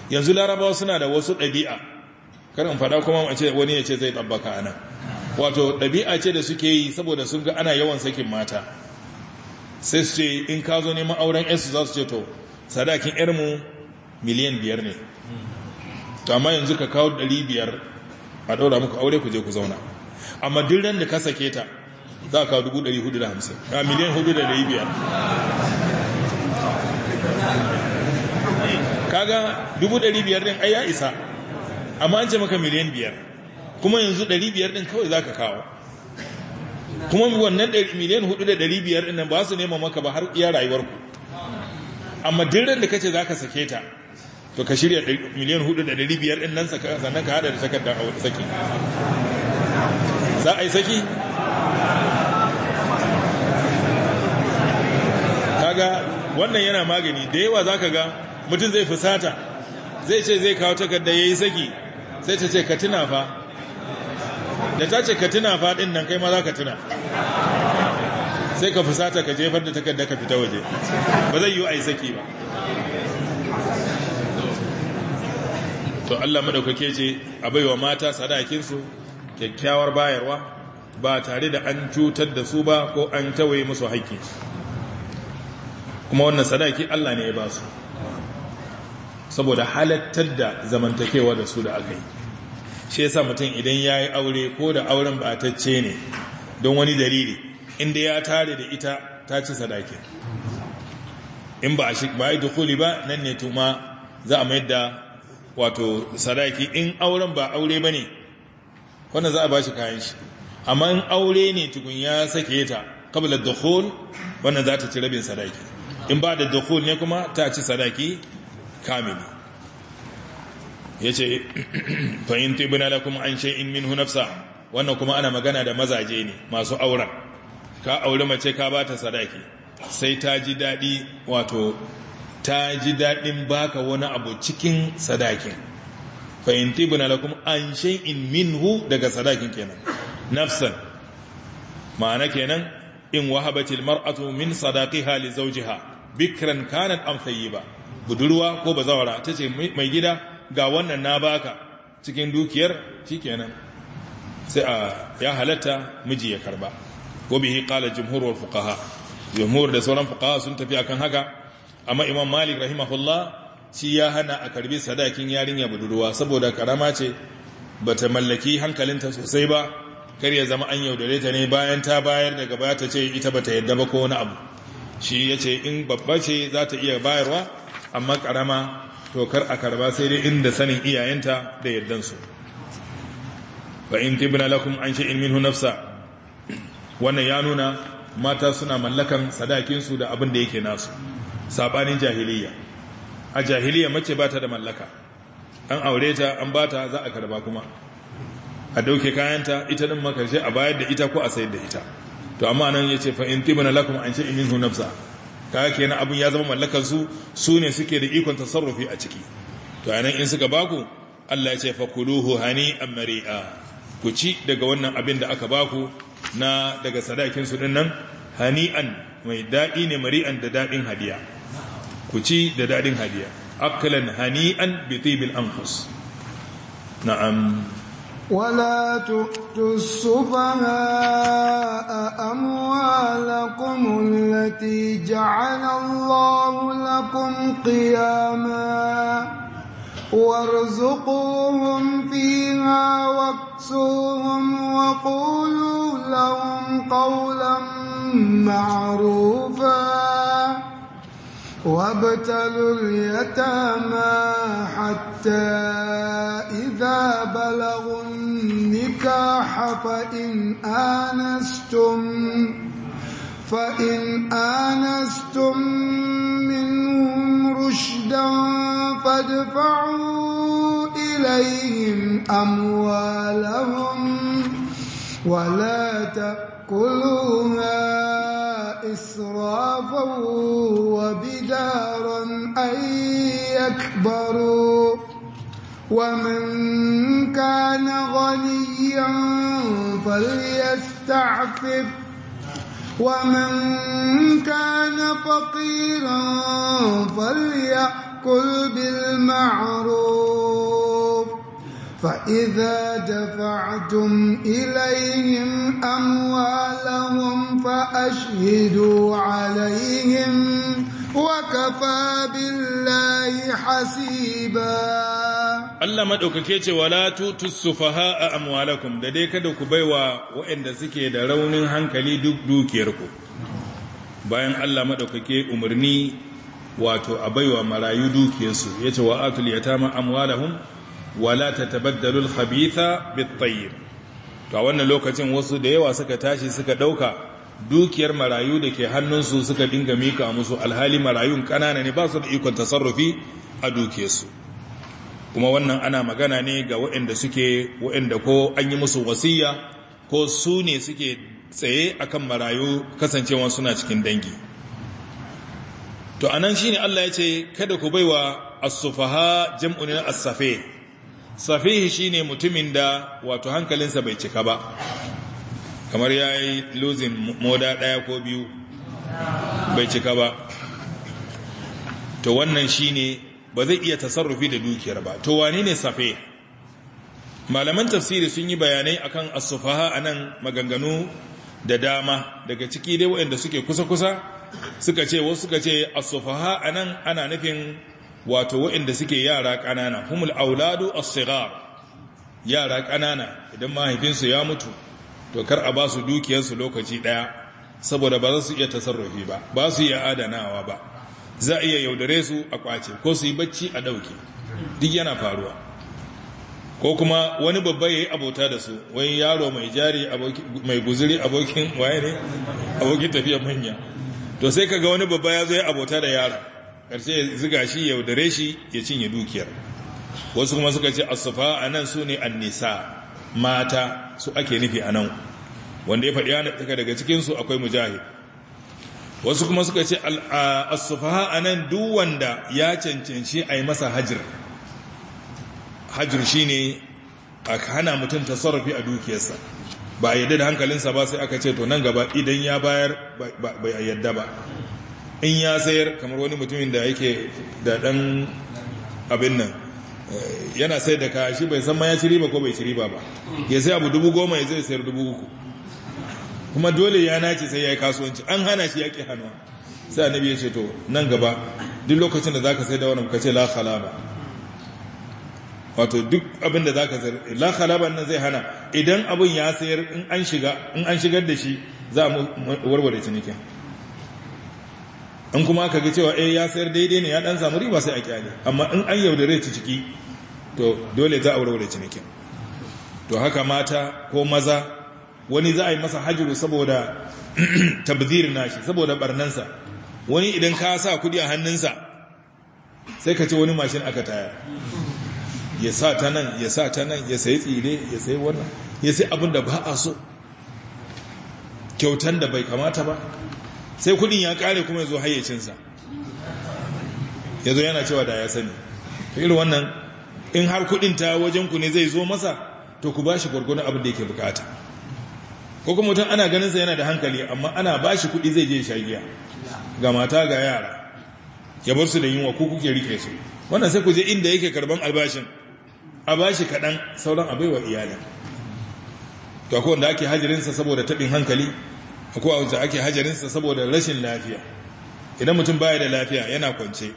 Speaker 1: yanzu larabawa suna da wasu ɗabi'a karin fada kuma a ce wani ya ce zai tabbaka ana wato ɗabi'a ce da suke yi saboda sun ga ana yawan sakin mata sai su ce in ka zo neman auren yansu za su ce to sadakin yarmu miliyan biyar ne to amma yanzu ka kawo ɗari biyar a ɗaura muku aure ku je ku zauna amma duk ran da ka sake ta za ka dubu ɗari hudu da hamsin a miliyan hudu da ɗari biyar kaga dubu ɗari biyar ɗin ai ya isa amma an ce maka miliyan biyar kuma yanzu ɗari biyar ɗin kawai za ka kawo kuma wannan miliyan hudu da ɗari biyar ɗin nan ba su nema maka ba har iya rayuwarku amma dirin da kace za ka sake ta to ka shirya miliyan hudu da ɗari biyar ɗin nan sannan ka haɗa da takardar saki za a yi saki kaga wannan yana magani da yawa za ka ga mutum zai fusata zai ce zai kawo takardar ya yi saki sai ta ce ka tuna fa da ta ce ka tuna fa din nan kai ma za ka tuna sai ka fusata ka jefar da takarda ka fita waje ba zai yi ai saki ba to Allah madaukake ce a baiwa mata sadakinsu kyakkyawar bayarwa ba tare da an cutar da su ba ko an tawaye musu haƙƙi kuma wannan sadaki Allah ne ya ba su saboda halattar da zamantakewa da su da aka yi shi yasa mutum idan ya yi aure ko da auren ce ne don wani dalili inda ya tare da ita ta ci sadaki in ba a yi dukuli ba nan ne tuma za a mayar da wato sadaki in auren ba aure ba ne wanda za a ba shi kayan shi amma in aure ne tukun ya sake ta kabilar dukul wannan za ta ci rabin sadaki in ba da dukul ne kuma ta ci sadaki kamili yace fa in tibna lakum an shay'in minhu nafsa wannan kuma ana magana da mazaje ne masu auren ka auri mace ka bata sadaki sai ta ji dadi wato ta ji dadin baka wani abu cikin sadakin fa in tibna lakum an shay'in minhu daga sadakin kenan nafsan ma'ana kenan in wahabatil mar'atu min sadaqiha li zawjiha bikran kanat am ba, budurwa ko bazawara tace mai gida ga wannan na baka cikin dukiyar kenan. sai a ya halatta miji ya karba gobe qala jumhurul fuqaha jumhur da sauran fuqaha sun tafi akan haka amma imam malik rahimahullah shi ya hana a karbi sadakin yarinya budurwa saboda karama ce bata mallaki hankalinta sosai ba kar ya zama an yaudare ta ne bayan ta bayar da baya ta ce ita bata yadda ba ko wani abu shi yace in babba ce za ta iya bayarwa amma karama Tokar a karba sai dai inda sanin iyayenta da yardansu fa in tibna lakum an shay'in minhu nafsa wannan ya nuna mata suna mallakan sadakin su da abin da yake nasu sabanin jahiliya a jahiliya mace bata da mallaka an aure ta an bata za a karba kuma a dauke kayanta ita din makarshe a bayar da ita ko a sayar da ita to amma nan yace fa in tibna lakum an shay'in minhu nafsa kaga kenan abin ya zama mallakarsu su ne suke da ikon tasarrufi a ciki to anan in suka baku Allah ya ce fakuluhu hani'an mari'a ku ci daga wannan abin da aka baku na daga sadakin su din nan hani'an mai dadi ne mari'an da dadin hadiya ku ci da dadin hadiya aklan hani'an bi tibil anfus na'am
Speaker 2: ولا تؤتوا السفهاء أموالكم التي جعل الله لكم قياما وارزقوهم فيها واكسوهم وقولوا لهم قولا معروفا وابتلوا اليتامى حتى إذا بلغوا النكاح فإن آنستم فإن آنستم منهم رشدا فادفعوا إليهم أموالهم ولا تأكلوها إسرافا وبدارا أن يكبروا ومن كان غنيا فليستعفف ومن كان فقيرا فليأكل بالمعروف فإذا دفعتم إليهم أموالهم فأشهدوا عليهم وكفى بالله حسيبا
Speaker 1: Allah maɗaukake ce wala tutu sufaha amwalakum da dai kada ku baiwa waɗanda suke da raunin hankali duk dukiyarku bayan Allah maɗaukake umarni wato a baiwa marayu dukiyarsu yace wa atul yatama amwalahum wala tabaddalu al-khabitha bit-tayyib to a wannan lokacin wasu da yawa suka tashi suka dauka dukiyar marayu da ke hannunsu suka dinga mika musu alhali marayun kanana ne ba su da ikon tasarrufi a dukiyarsu kuma wannan ana magana ne ga waɗanda suke waɗanda ko an yi musu wasiya ko su ne suke tsaye akan marayu kasancewa suna cikin dangi to anan shine Allah ya ce kada ku baiwa as-sufaha jam'un as safih safihi shine mutumin da wato hankalinsa bai cika ba kamar ya yi losing moda ɗaya ko biyu bai cika ba to wannan shine ba zai iya tasarrufi da dukiyar ba to wani ne safe malaman tafsiri sun yi bayanai akan asufaha a nan maganganu da dama daga ciki dai waɗanda suke kusa-kusa suka ce wasu suka ce asufaha a nan ana nufin wato waɗanda suke yara ƙanana humul auladu as-sighar yara ƙanana idan mahaifinsu ya mutu to kar a ba su dukiyarsu lokaci ɗaya saboda ba za su iya tasarrufi ba ba su iya adanawa ba za a iya yaudare su a kwace ko su yi bacci a ɗauke duk yana faruwa ko kuma wani babba ya abota da su wani yaro mai jari mai guziri abokin waye ne abokin tafiya manya to sai kaga wani babba ya zo ya abota da yaro. karshe ziga shi yaudare shi ya cinye dukiyar wasu kuma suka ce asufa a nan su ne annisa mata su ake nufi a nan wanda ya faɗi yana daga daga cikinsu akwai mujahid wasu kuma suka ce asufa a nan duk wanda ya cancanci a yi masa hajir hajir shi ne a hana mutum sarrafi a dukiyarsa ba a yadda da hankalinsa ba sai aka ce to nan gaba idan ya bayar ba a yadda ba in ya sayar kamar wani mutumin da yake da dan abin nan eh, yana sayar da kashi bai san ma ya ci riba ko bai ci riba ba ya sai abu dubu goma ya zai sayar dubu uku kuma dole ya nace sai ya yi kasuwanci an hana shi ya ƙi hannu sai annabi ya ce to nan gaba duk lokacin da za ka sai da wani ka ce la khalaba wato duk abin da zaka sai la khalaba nan zai hana idan abin ya sayar in an shiga in an shigar da shi za mu warware cinikin in kuma aka ga cewa eh ya sayar daidai ne ya dan samu riba sai a kyale amma in an yaudare ci ciki to dole za a warware cinikin to haka mata ko maza wani za a yi masa hajjuru saboda tabzir nashi saboda barnansa wani idan ka sa kudi a hannunsa sai ka ce wani mashin aka taya ya sa ta nan ya sa ta nan ya sayi tsire ya sayi wannan ya sayi abin da ba a so kyautan da bai kamata ba sai kudin ya kare kuma ya zo hayyacinsa ya zo yana cewa da ya sani irin wannan in har kudin ta wajenku ne zai zo masa to ku ba shi gwargwadon abin da yake bukata ko kuma mutum ana ganinsa yana da hankali amma ana ba shi kudi zai je shagiya ga mata ga yara ya bar su da yunwa ko kuke rike su wannan sai ku je inda yake karban albashin a ba shi kaɗan sauran abaiwa iyalin to akwai wanda ake hajirinsa saboda taɓin hankali akwai a wajen ake hajarinsa saboda rashin lafiya idan mutum baya da lafiya yana kwance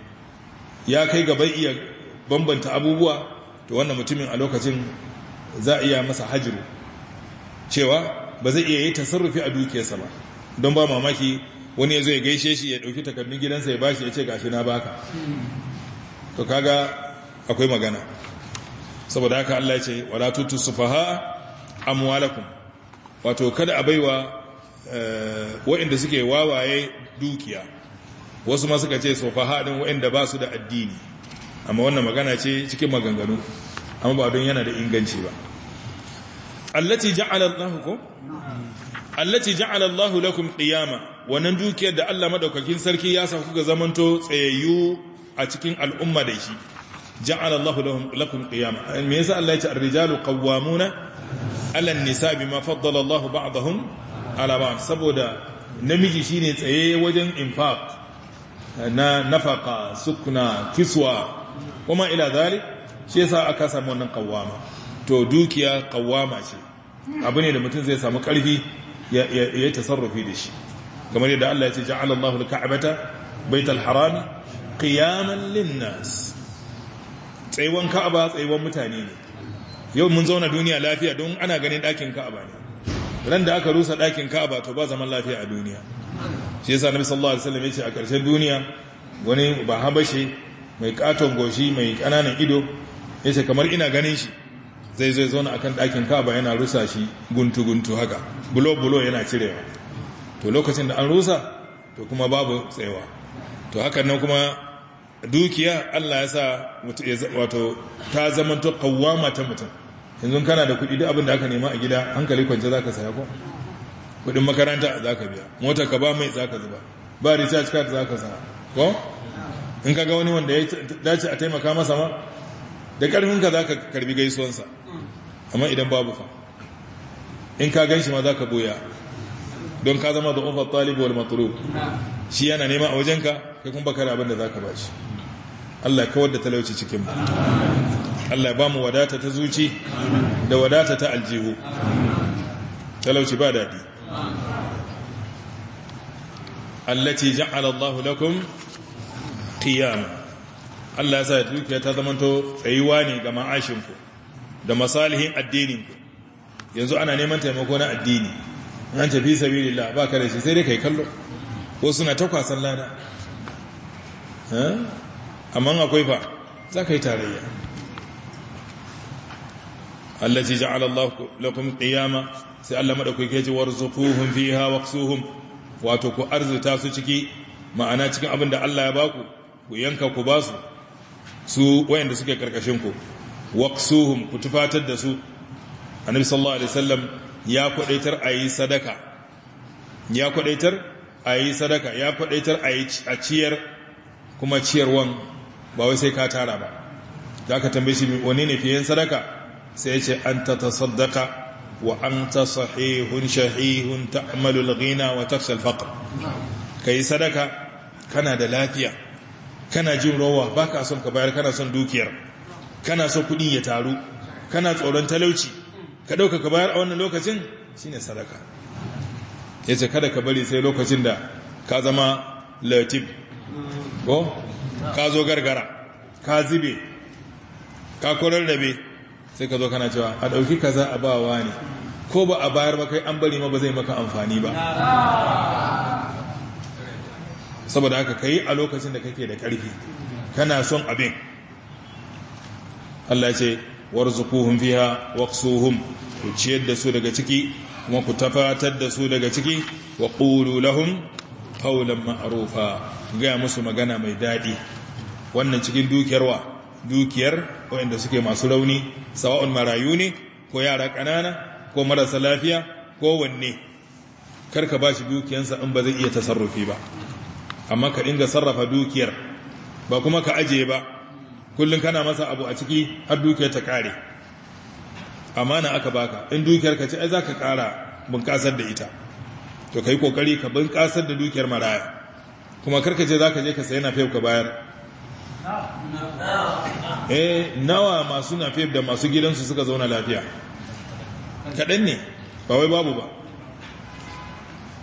Speaker 1: ya kai gaba iya bambanta abubuwa to wannan mutumin a lokacin za a iya masa hajiru cewa ba zai iya yi tasarrufi a dukiyarsa ba don ba mamaki wani ya zo ya gaishe shi ya ɗauki takardun gidansa ya shi ya ce gashi na baka to kaga akwai magana saboda haka Allah ya ce wala tutu sufaha amwalakum wato kada a baiwa Eh, wa'inda suke wawaye dukiya wasu ma suka ce sofa haɗin wa'inda ba su da addini amma wannan magana ce cikin maganganu amma ba don yana da inganci ba allati ja'ala Allah ko allati ja'ala Allah lakum ɗiyama wannan dukiyar da Allah madaukakin sarki ya sa kuka zamanto tsayayyu a cikin al'umma da shi ja'ala Allah lakum ɗiyama me yasa Allah ya ce ar-rijalu qawwamuna 'ala nisa bima faddala allahu ba'adahun ta'ala saboda namiji shine tsaye wajen infaq na nafaka sukuna kiswa kuma ila zalik shi yasa aka samu wannan kawama to dukiya kawama ce abu ne da mutum zai samu karfi ya ya tasarrufi da shi kamar yadda Allah ya ce ja'ala Allahu al-ka'bata baital haram qiyaman lin-nas tsaiwan ka'aba tsaiwan mutane ne yau mun zauna duniya lafiya don ana ganin ɗakin ka'aba ne ran da aka rusa ɗakin ka'aba to ba zaman lafiya a duniya shi yasa nabi sallallahu alaihi wasallam yace a ƙarshen duniya wani ba habashe mai katon goshi mai ƙananan ido yace kamar ina ganin shi zai zai zauna akan ɗakin ka'aba yana rusa shi guntu guntu haka bulo bulo yana cirewa to lokacin da an rusa to kuma babu tsayawa to hakan nan kuma dukiya Allah ya sa wato ta zama to kawwama mutum yanzu kana da kuɗi duk abin da aka nema a gida hankali kwance za ka saya ko kuɗin makaranta za ka biya mota ka ba mai za ka zuba ba research card za ka sa. ko in ka ga wani wanda ya dace a taimaka masa ma da ka za ka karbi gaisuwansa amma idan babu fa in ka gan shi ma za ka boya don ka zama da ƙofar talibu wal maturu shi yana nema a wajenka kai kuma baka da abin da za ka ba shi Allah kawar da talauci cikin mu Allah ba mu wadata ta zuci da wadata ta aljihu talauci ba daɗi allati ja'ala Allah lakum qiyam Allah ya sa dukiya ta zamanto tsayuwa ne ga ma'ashinku da masalihin addininku yanzu ana neman taimako na addini an tafi sabilillah ba ka shi sai dai kai kallo ko suna ta kwasan lada amma akwai fa za ka yi tarayya allazi ja'ala Allah lakum qiyama sai Allah madaukake ya warzuquhum fiha waqsuhum wato ku arzuta su ciki ma'ana cikin abin da Allah ya baku ku yanka ku basu su wayanda suke karkashin ku waqsuhum ku tufatar da su annabi sallallahu alaihi wasallam ya kwadaitar ayi sadaka ya kwadaitar ayi sadaka ya kwadaitar ayi a ciyar kuma ciyarwan ba wai sai ka tara ba zaka tambaye shi wani ne fiye sadaka sai ce an ta tasaddaka wa an ta sahihun shahihun amalul gina wa taksal Ka yi sadaka kana da lafiya kana jin rowa ka son ka bayar kana son dukiyar kana son kudi ya taru kana tsoron talauci ka dauka ka bayar a wannan lokacin shi ne sadaka Ya ce kada ka bari sai lokacin da ka zama latib ko ka zo gargara ka zibe ka korar rabe sai ka zo kana cewa a ɗauki kaza a bawa ne ko ba a bayar ba kai an bari ma ba zai maka amfani ba saboda haka ka yi a lokacin da kake da ƙarfi kana son abin Allah ce warzuquhum fiha suhun ku ciyar da su daga ciki kuma ku tafatar da su daga ciki wa ƙulu lahun qawlan ma'arufa gaya musu magana mai daɗi. wannan cikin dukiyarwa dukiyar waɗanda suke masu rauni sawa'un marayu ne ko yara ƙanana ko marasa lafiya ko wanne karka ba shi dukiyansa in ba zai iya tasarrufi ba amma ka inga sarrafa dukiyar ba kuma ka ajiye ba kullum kana masa abu a ciki har dukiyar ta kare amana aka baka in dukiyar ka ce ai za ka ƙara bunƙasar da ita to ka yi ƙoƙari ka bunƙasar da dukiyar maraya kuma karka ce za ka je ka sayi na fiye ka bayar eh nawa masu nafif da masu gidansu suka zauna lafiya kaɗan ne ba wai babu ba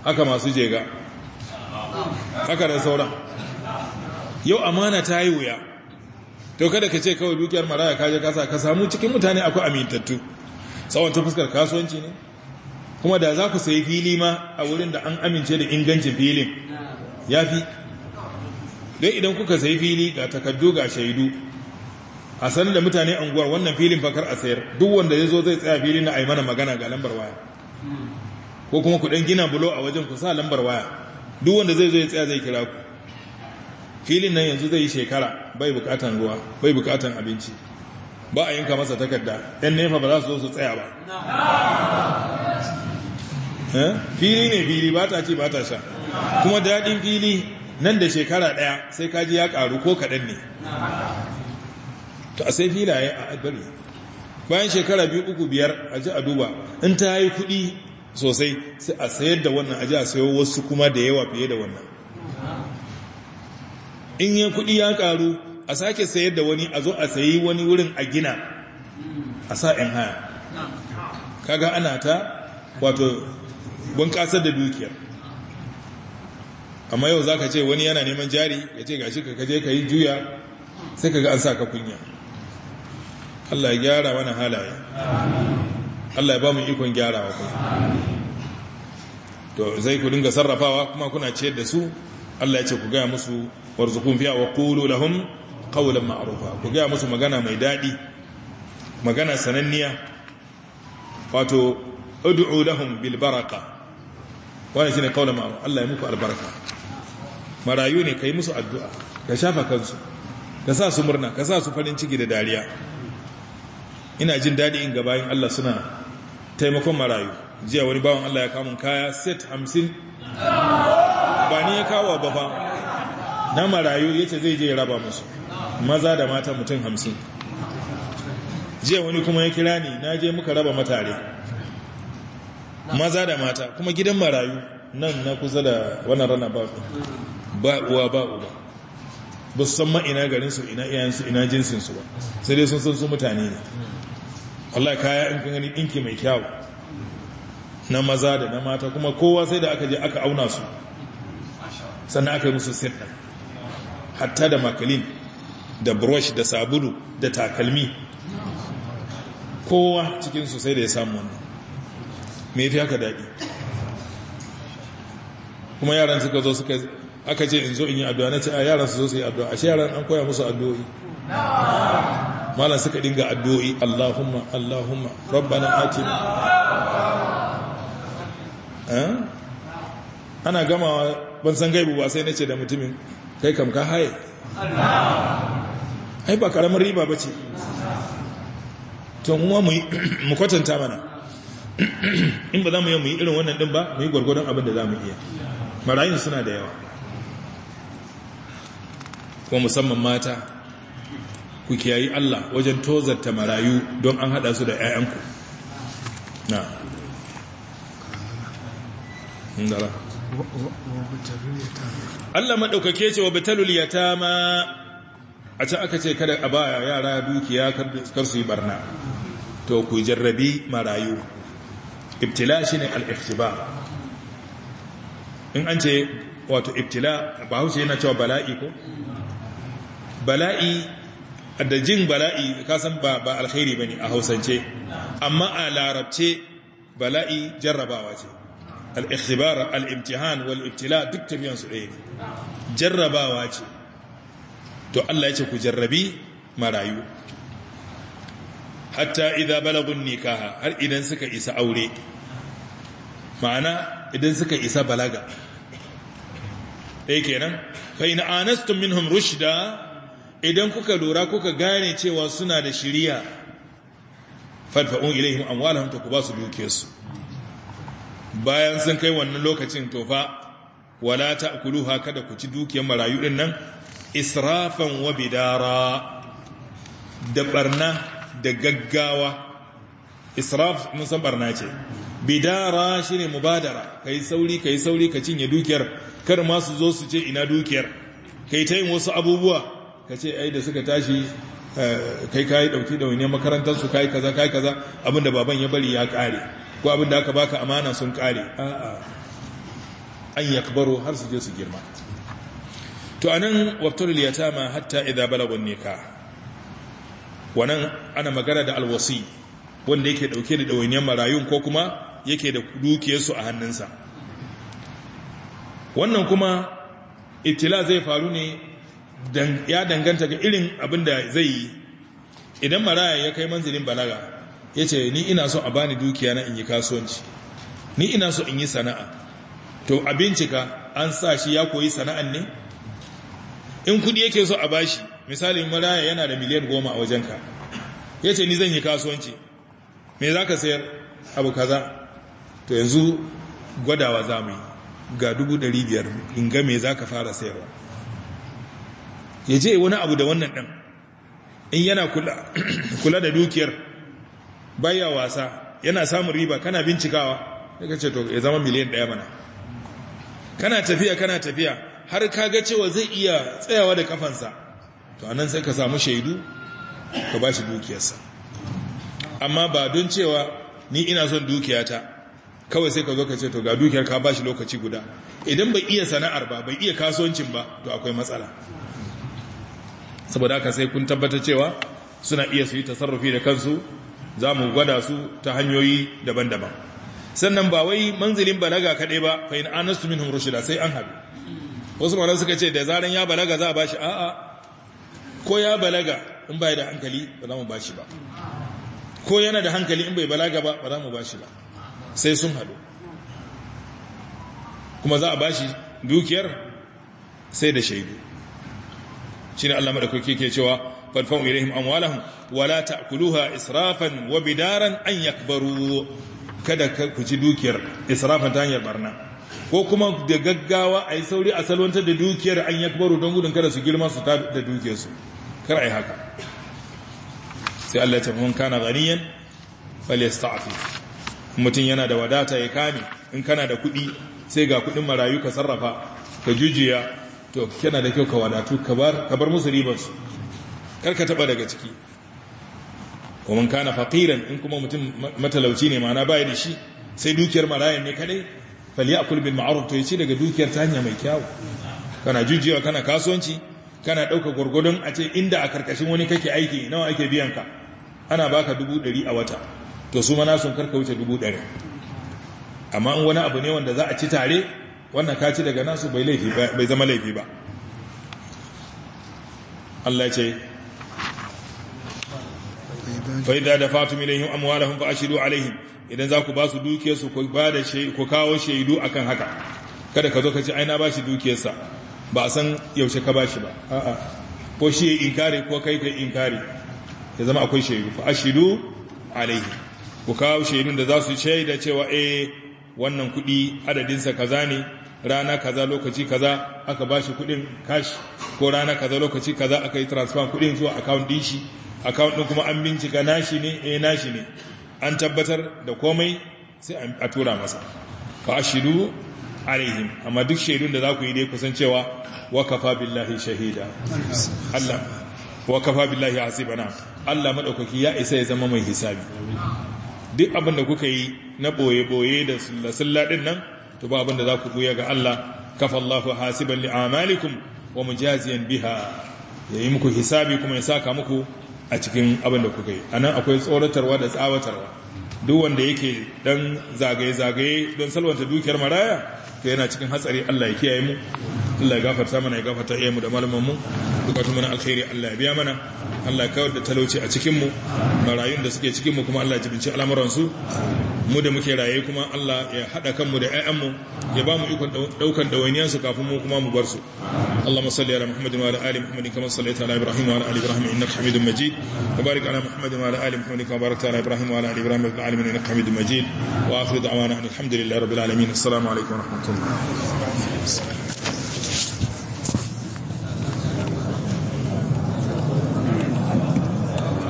Speaker 1: haka masu jega haka da sauran yau amana ta yi wuya to kada ka ce kawai dukiyar maraya kaje kasa ka samu cikin mutane akwai amintattu tsawon ta fuskar kasuwanci ne kuma da za ku sayi fili ma a wurin da an amince da ingancin filin ya fi don idan kuka sayi fili ga takaddu ga shaidu a san da mutane anguwar wannan filin fakar a sayar duk wanda ya zo zai tsaya filin na aimana magana ga lambar waya ko kuma ku gina bulo a wajen ku sa lambar waya duk wanda zai zo ya tsaya zai kira ku filin nan yanzu zai yi shekara bai bukatan ruwa bai bukatan abinci ba a yanka masa takarda yan nefa ba za su zo su tsaya ba eh? fili ne fili ba ta ci ba ta sha kuma daɗin fili nan da shekara ɗaya sai kaji ya karu ko kaɗan ne to a sai filaye a albari bayan shekara biyu uku biyar a ji a duba in ta yi kuɗi sosai sai a sayar da wannan a ji a sayo wasu kuma da yawa fiye da wannan in yi kuɗi ya karu a sake sayar da wani a zo a sayi wani wurin a gina a sa ‘yan haya kaga ana ta wato bunƙasar da dukiyar amma yau za ka ce wani yana neman jari ya ce gashi ka kaje ka yi juya sai ka ga an sa ka kunya Allah ya gyara wani halaye Allah ya ba mu ikon wa kuma to zai ku dinga sarrafawa kuma kuna ciyar da su Allah ya ce ku gaya musu warzukun fiya wa qulu lahum qawlan ma'rufa ku gaya musu magana mai dadi magana sananniya wato ud'u lahum bil baraka wannan shine qawlan ma'ruf Allah ya muku albarka marayu ne ka yi musu addu'a ka shafa kansu ka sa su murna ka sa su farin ciki da dariya ina jin daɗi in gabayin Allah suna taimakon marayu jiya wani bawan Allah ya kamun kaya set hamsin ba ni ya kawo ba fa na marayu ya ce zai je ya raba musu maza da mata mutum hamsin jiya wani kuma ya kira ni na je muka raba matare maza da mata kuma gidan marayu nan na kusa da wannan rana ba ba uwa ba uba ba su san ma'ina garinsu ina iyayensu ina jinsinsu ba sai dai sun san su mutane ne Allah kaya in kan gani ɗinki mai kyawu na maza da na mata kuma kowa sai da aka je aka auna su sannan aka yi musu sirna hatta da makalin da brush da sabulu da takalmi kowa cikinsu sai da ya samu wannan me fi haka daɗi kuma yaran suka zo suka aka ce in zo in yi addu'a na ce a yaran su zo su yi addu'a ashe yaran an koya musu addu'o'i malam suka dinga addu'o'i Allahumma Allahumma rabbana atina eh? ana gamawa ban san gaibu ba sai nace da mutumin kai kam ka haye ai ba karamin riba bace to kuma mu mu kwatanta mana in ba za mu yi mu yi irin wannan din ba mu yi gwargwadon abin da za mu iya marayun suna da yawa ko musamman mata ku kiyayi Allah wajen tozarta marayu don an hada su da 'ya'yanku na ndara Allah maɗaukake ce wa batalul yatama a can aka ce kada a ba yara dukiya kar su yi barna to ku jarrabi marayu ibtila shine al al'iftiba in an ce wato ibtila ba hausa yana cewa bala'i ko bala'i da jin bala'i kasan ba ba alkhairi bane a Hausance amma a larabce bala'i jarrabawa ce al-ikhtibar al-imtihan wal ibtila duk tafiyan su ɗaya jarrabawa ce to Allah ya ce ku jarrabi marayu hatta idza balagun nikaha har idan suka isa aure ma'ana idan suka isa balaga ɗaya kenan fa in anastum minhum rushda idan kuka lura kuka gane cewa suna da shiriya fadfa'un ilayhim amwalahum to ku ba su dukiyarsu bayan sun kai wannan lokacin tofa wala ta'kuluha kada ku ci dukiyar marayu din nan israfan wa bidara da barna da gaggawa israf mun san barna ce bidara shine mubadara kai sauri kai sauri ka cinye dukiyar kar ma su zo su ce ina dukiyar kai ta yin wasu abubuwa ka ce ai da suka tashi eh, kai kai dauki da wani makarantar su kai kaza kai kaza abinda baban ya bari ya kare ko abinda aka baka amana sun kare a'a an yakbaro har su je su girma to anan wabtul yatama hatta idza balagun nikah wannan ana magana da alwasi wanda yake dauke da dawainiyar marayun ko kuma yake da dukiyarsu a hannunsa wannan kuma itila zai faru ne ya danganta ga irin abin da zai yi idan maraya ya kai manzilin balaga ya ce ni ina so a bani dukiya na in yi kasuwanci ni ina so in yi sana'a to a bincika an sa shi ya koyi sana'an ne in kudi yake so a bashi misalin maraya yana da miliyan goma a wajenka ya ce ni zan yi kasuwanci me za ka sayar abu kaza to yanzu gwadawa za mu yi ga biyar in ga me za ka fara sayarwa ya je wani abu da wannan ɗan. in yana kula da dukiyar baya wasa yana samun riba kana bincikawa daga ce to ya zama miliyan ɗaya mana kana tafiya kana tafiya har ka ga cewa zai iya tsayawa da kafansa to anan sai ka samu shaidu ka ba shi dukiyarsa amma ba don cewa ni ina son dukiyata kawai sai ka zo ka ce to ga dukiyar ka ba shi lokaci guda idan bai iya sana'ar ba bai iya kasuwancin ba to akwai matsala saboda haka sai kun tabbatar cewa suna iya su yi tasarrufi da kansu za mu gwada su ta hanyoyi daban-daban sannan ba wai manzilin balaga kaɗai ba fa in tu minhum rushida sai an haɗu wasu malan suka ce da zaran ya balaga za a bashi a'a ko ya balaga in bai da hankali ba za mu bashi ba ko yana da hankali in bai balaga ba ba za mu bashi ba sai sun haɗu kuma za a bashi dukiyar sai da shaidu shine Allah madaukaki ke cewa fadfa'u ilaihim amwalahum wala ta'kuluha israfan wa bidaran an yakbaru kada ku ci dukiyar israfan ta hanyar barna ko kuma da gaggawa ayi sauri a salwantar da dukiyar an yakbaru don gudun kada su girma su ta da dukiyarsu kar ai haka sai Allah ya mun kana ganiyan falyasta'fi mutum yana da wadata ya kame in kana da kuɗi sai ga kuɗin marayu ka sarrafa ka jujiya to kena da kyau ka wadatu ka bar musu ribarsu kar ka taɓa daga ciki ومن kana faqiran in kuma mutum matalauci ne ma'ana bai da shi sai dukiyar marayan ne kadai akul bil ma'ruf to yace daga dukiyar ta hanya mai kyau kana jujiya kana kasuwanci kana dauka gurgudun a ce inda a karkashin wani kake aiki nawa ake biyan ka ana baka dubu 100 a wata to su ma na sun karka wuce 100 amma in wani abu ne wanda za a ci tare wannan ka ci daga nasu bai laifi bai zama laifi ba Allah ce faida da fatu da amwalahum fa ashidu alaihim idan za ku ba su dukiyarsu ku ba da ku kawo shaidu akan haka kada ka zo ka ce aina ba shi dukiyarsa ba a san yaushe ka ba shi ba a'a ko shi yayi inkari ko kai kai inkari ya zama akwai shaidu fa ashidu alaihim ku kawo shaidun da za su shaida cewa eh wannan kuɗi adadinsa kaza ne rana kaza lokaci kaza aka ba shi kudin cash ko rana kaza lokaci kaza aka yi transfer kudin zuwa account din shi account din kuma an bincika nashi ne eh nashi ne an tabbatar da komai sai a tura masa fa ashidu alaihim amma duk shaidun da za ku yi dai kusan cewa wa kafa billahi shahida Allah wa kafa billahi hasibana Allah madaukaki ya isa ya zama mai hisabi duk abin da kuka yi na boye boye da sulla din nan to ba abinda za ku buya ga Allah kafa Allahu hasiban li amalikum wa mujaziyan biha yayi muku hisabi kuma ya saka muku a cikin abin da kuka yi anan akwai tsoratarwa da tsawatarwa duk wanda yake dan zagaye zagaye don salwanta dukiyar maraya to yana cikin hatsari Allah ya kiyaye mu Allah ya gafarta mana ya gafarta iyayenmu da malaman mu bukatun mana alkhairi Allah ya biya mana Allah ya kawar da talauci a cikinmu marayun da suke cikinmu kuma Allah ya jibinci al'amuransu mu da muke raye kuma Allah ya haɗa kanmu da 'ya'yanmu ya ba mu ikon ɗaukan ɗawainiyansu kafin mu kuma mu bar su Allah masalli ala Muhammadin wa ala ali Muhammadin kama sallaita ala Ibrahim wa ala ali Ibrahim innaka Hamidum Majid wa barik ala Muhammadin wa ala ali Muhammadin kama barakta ala Ibrahim wa ala ali Ibrahim fil alamin innaka Hamidum Majid wa akhiru da'wana alhamdulillahi rabbil alamin assalamu alaikum wa rahmatullahi wa barakatuh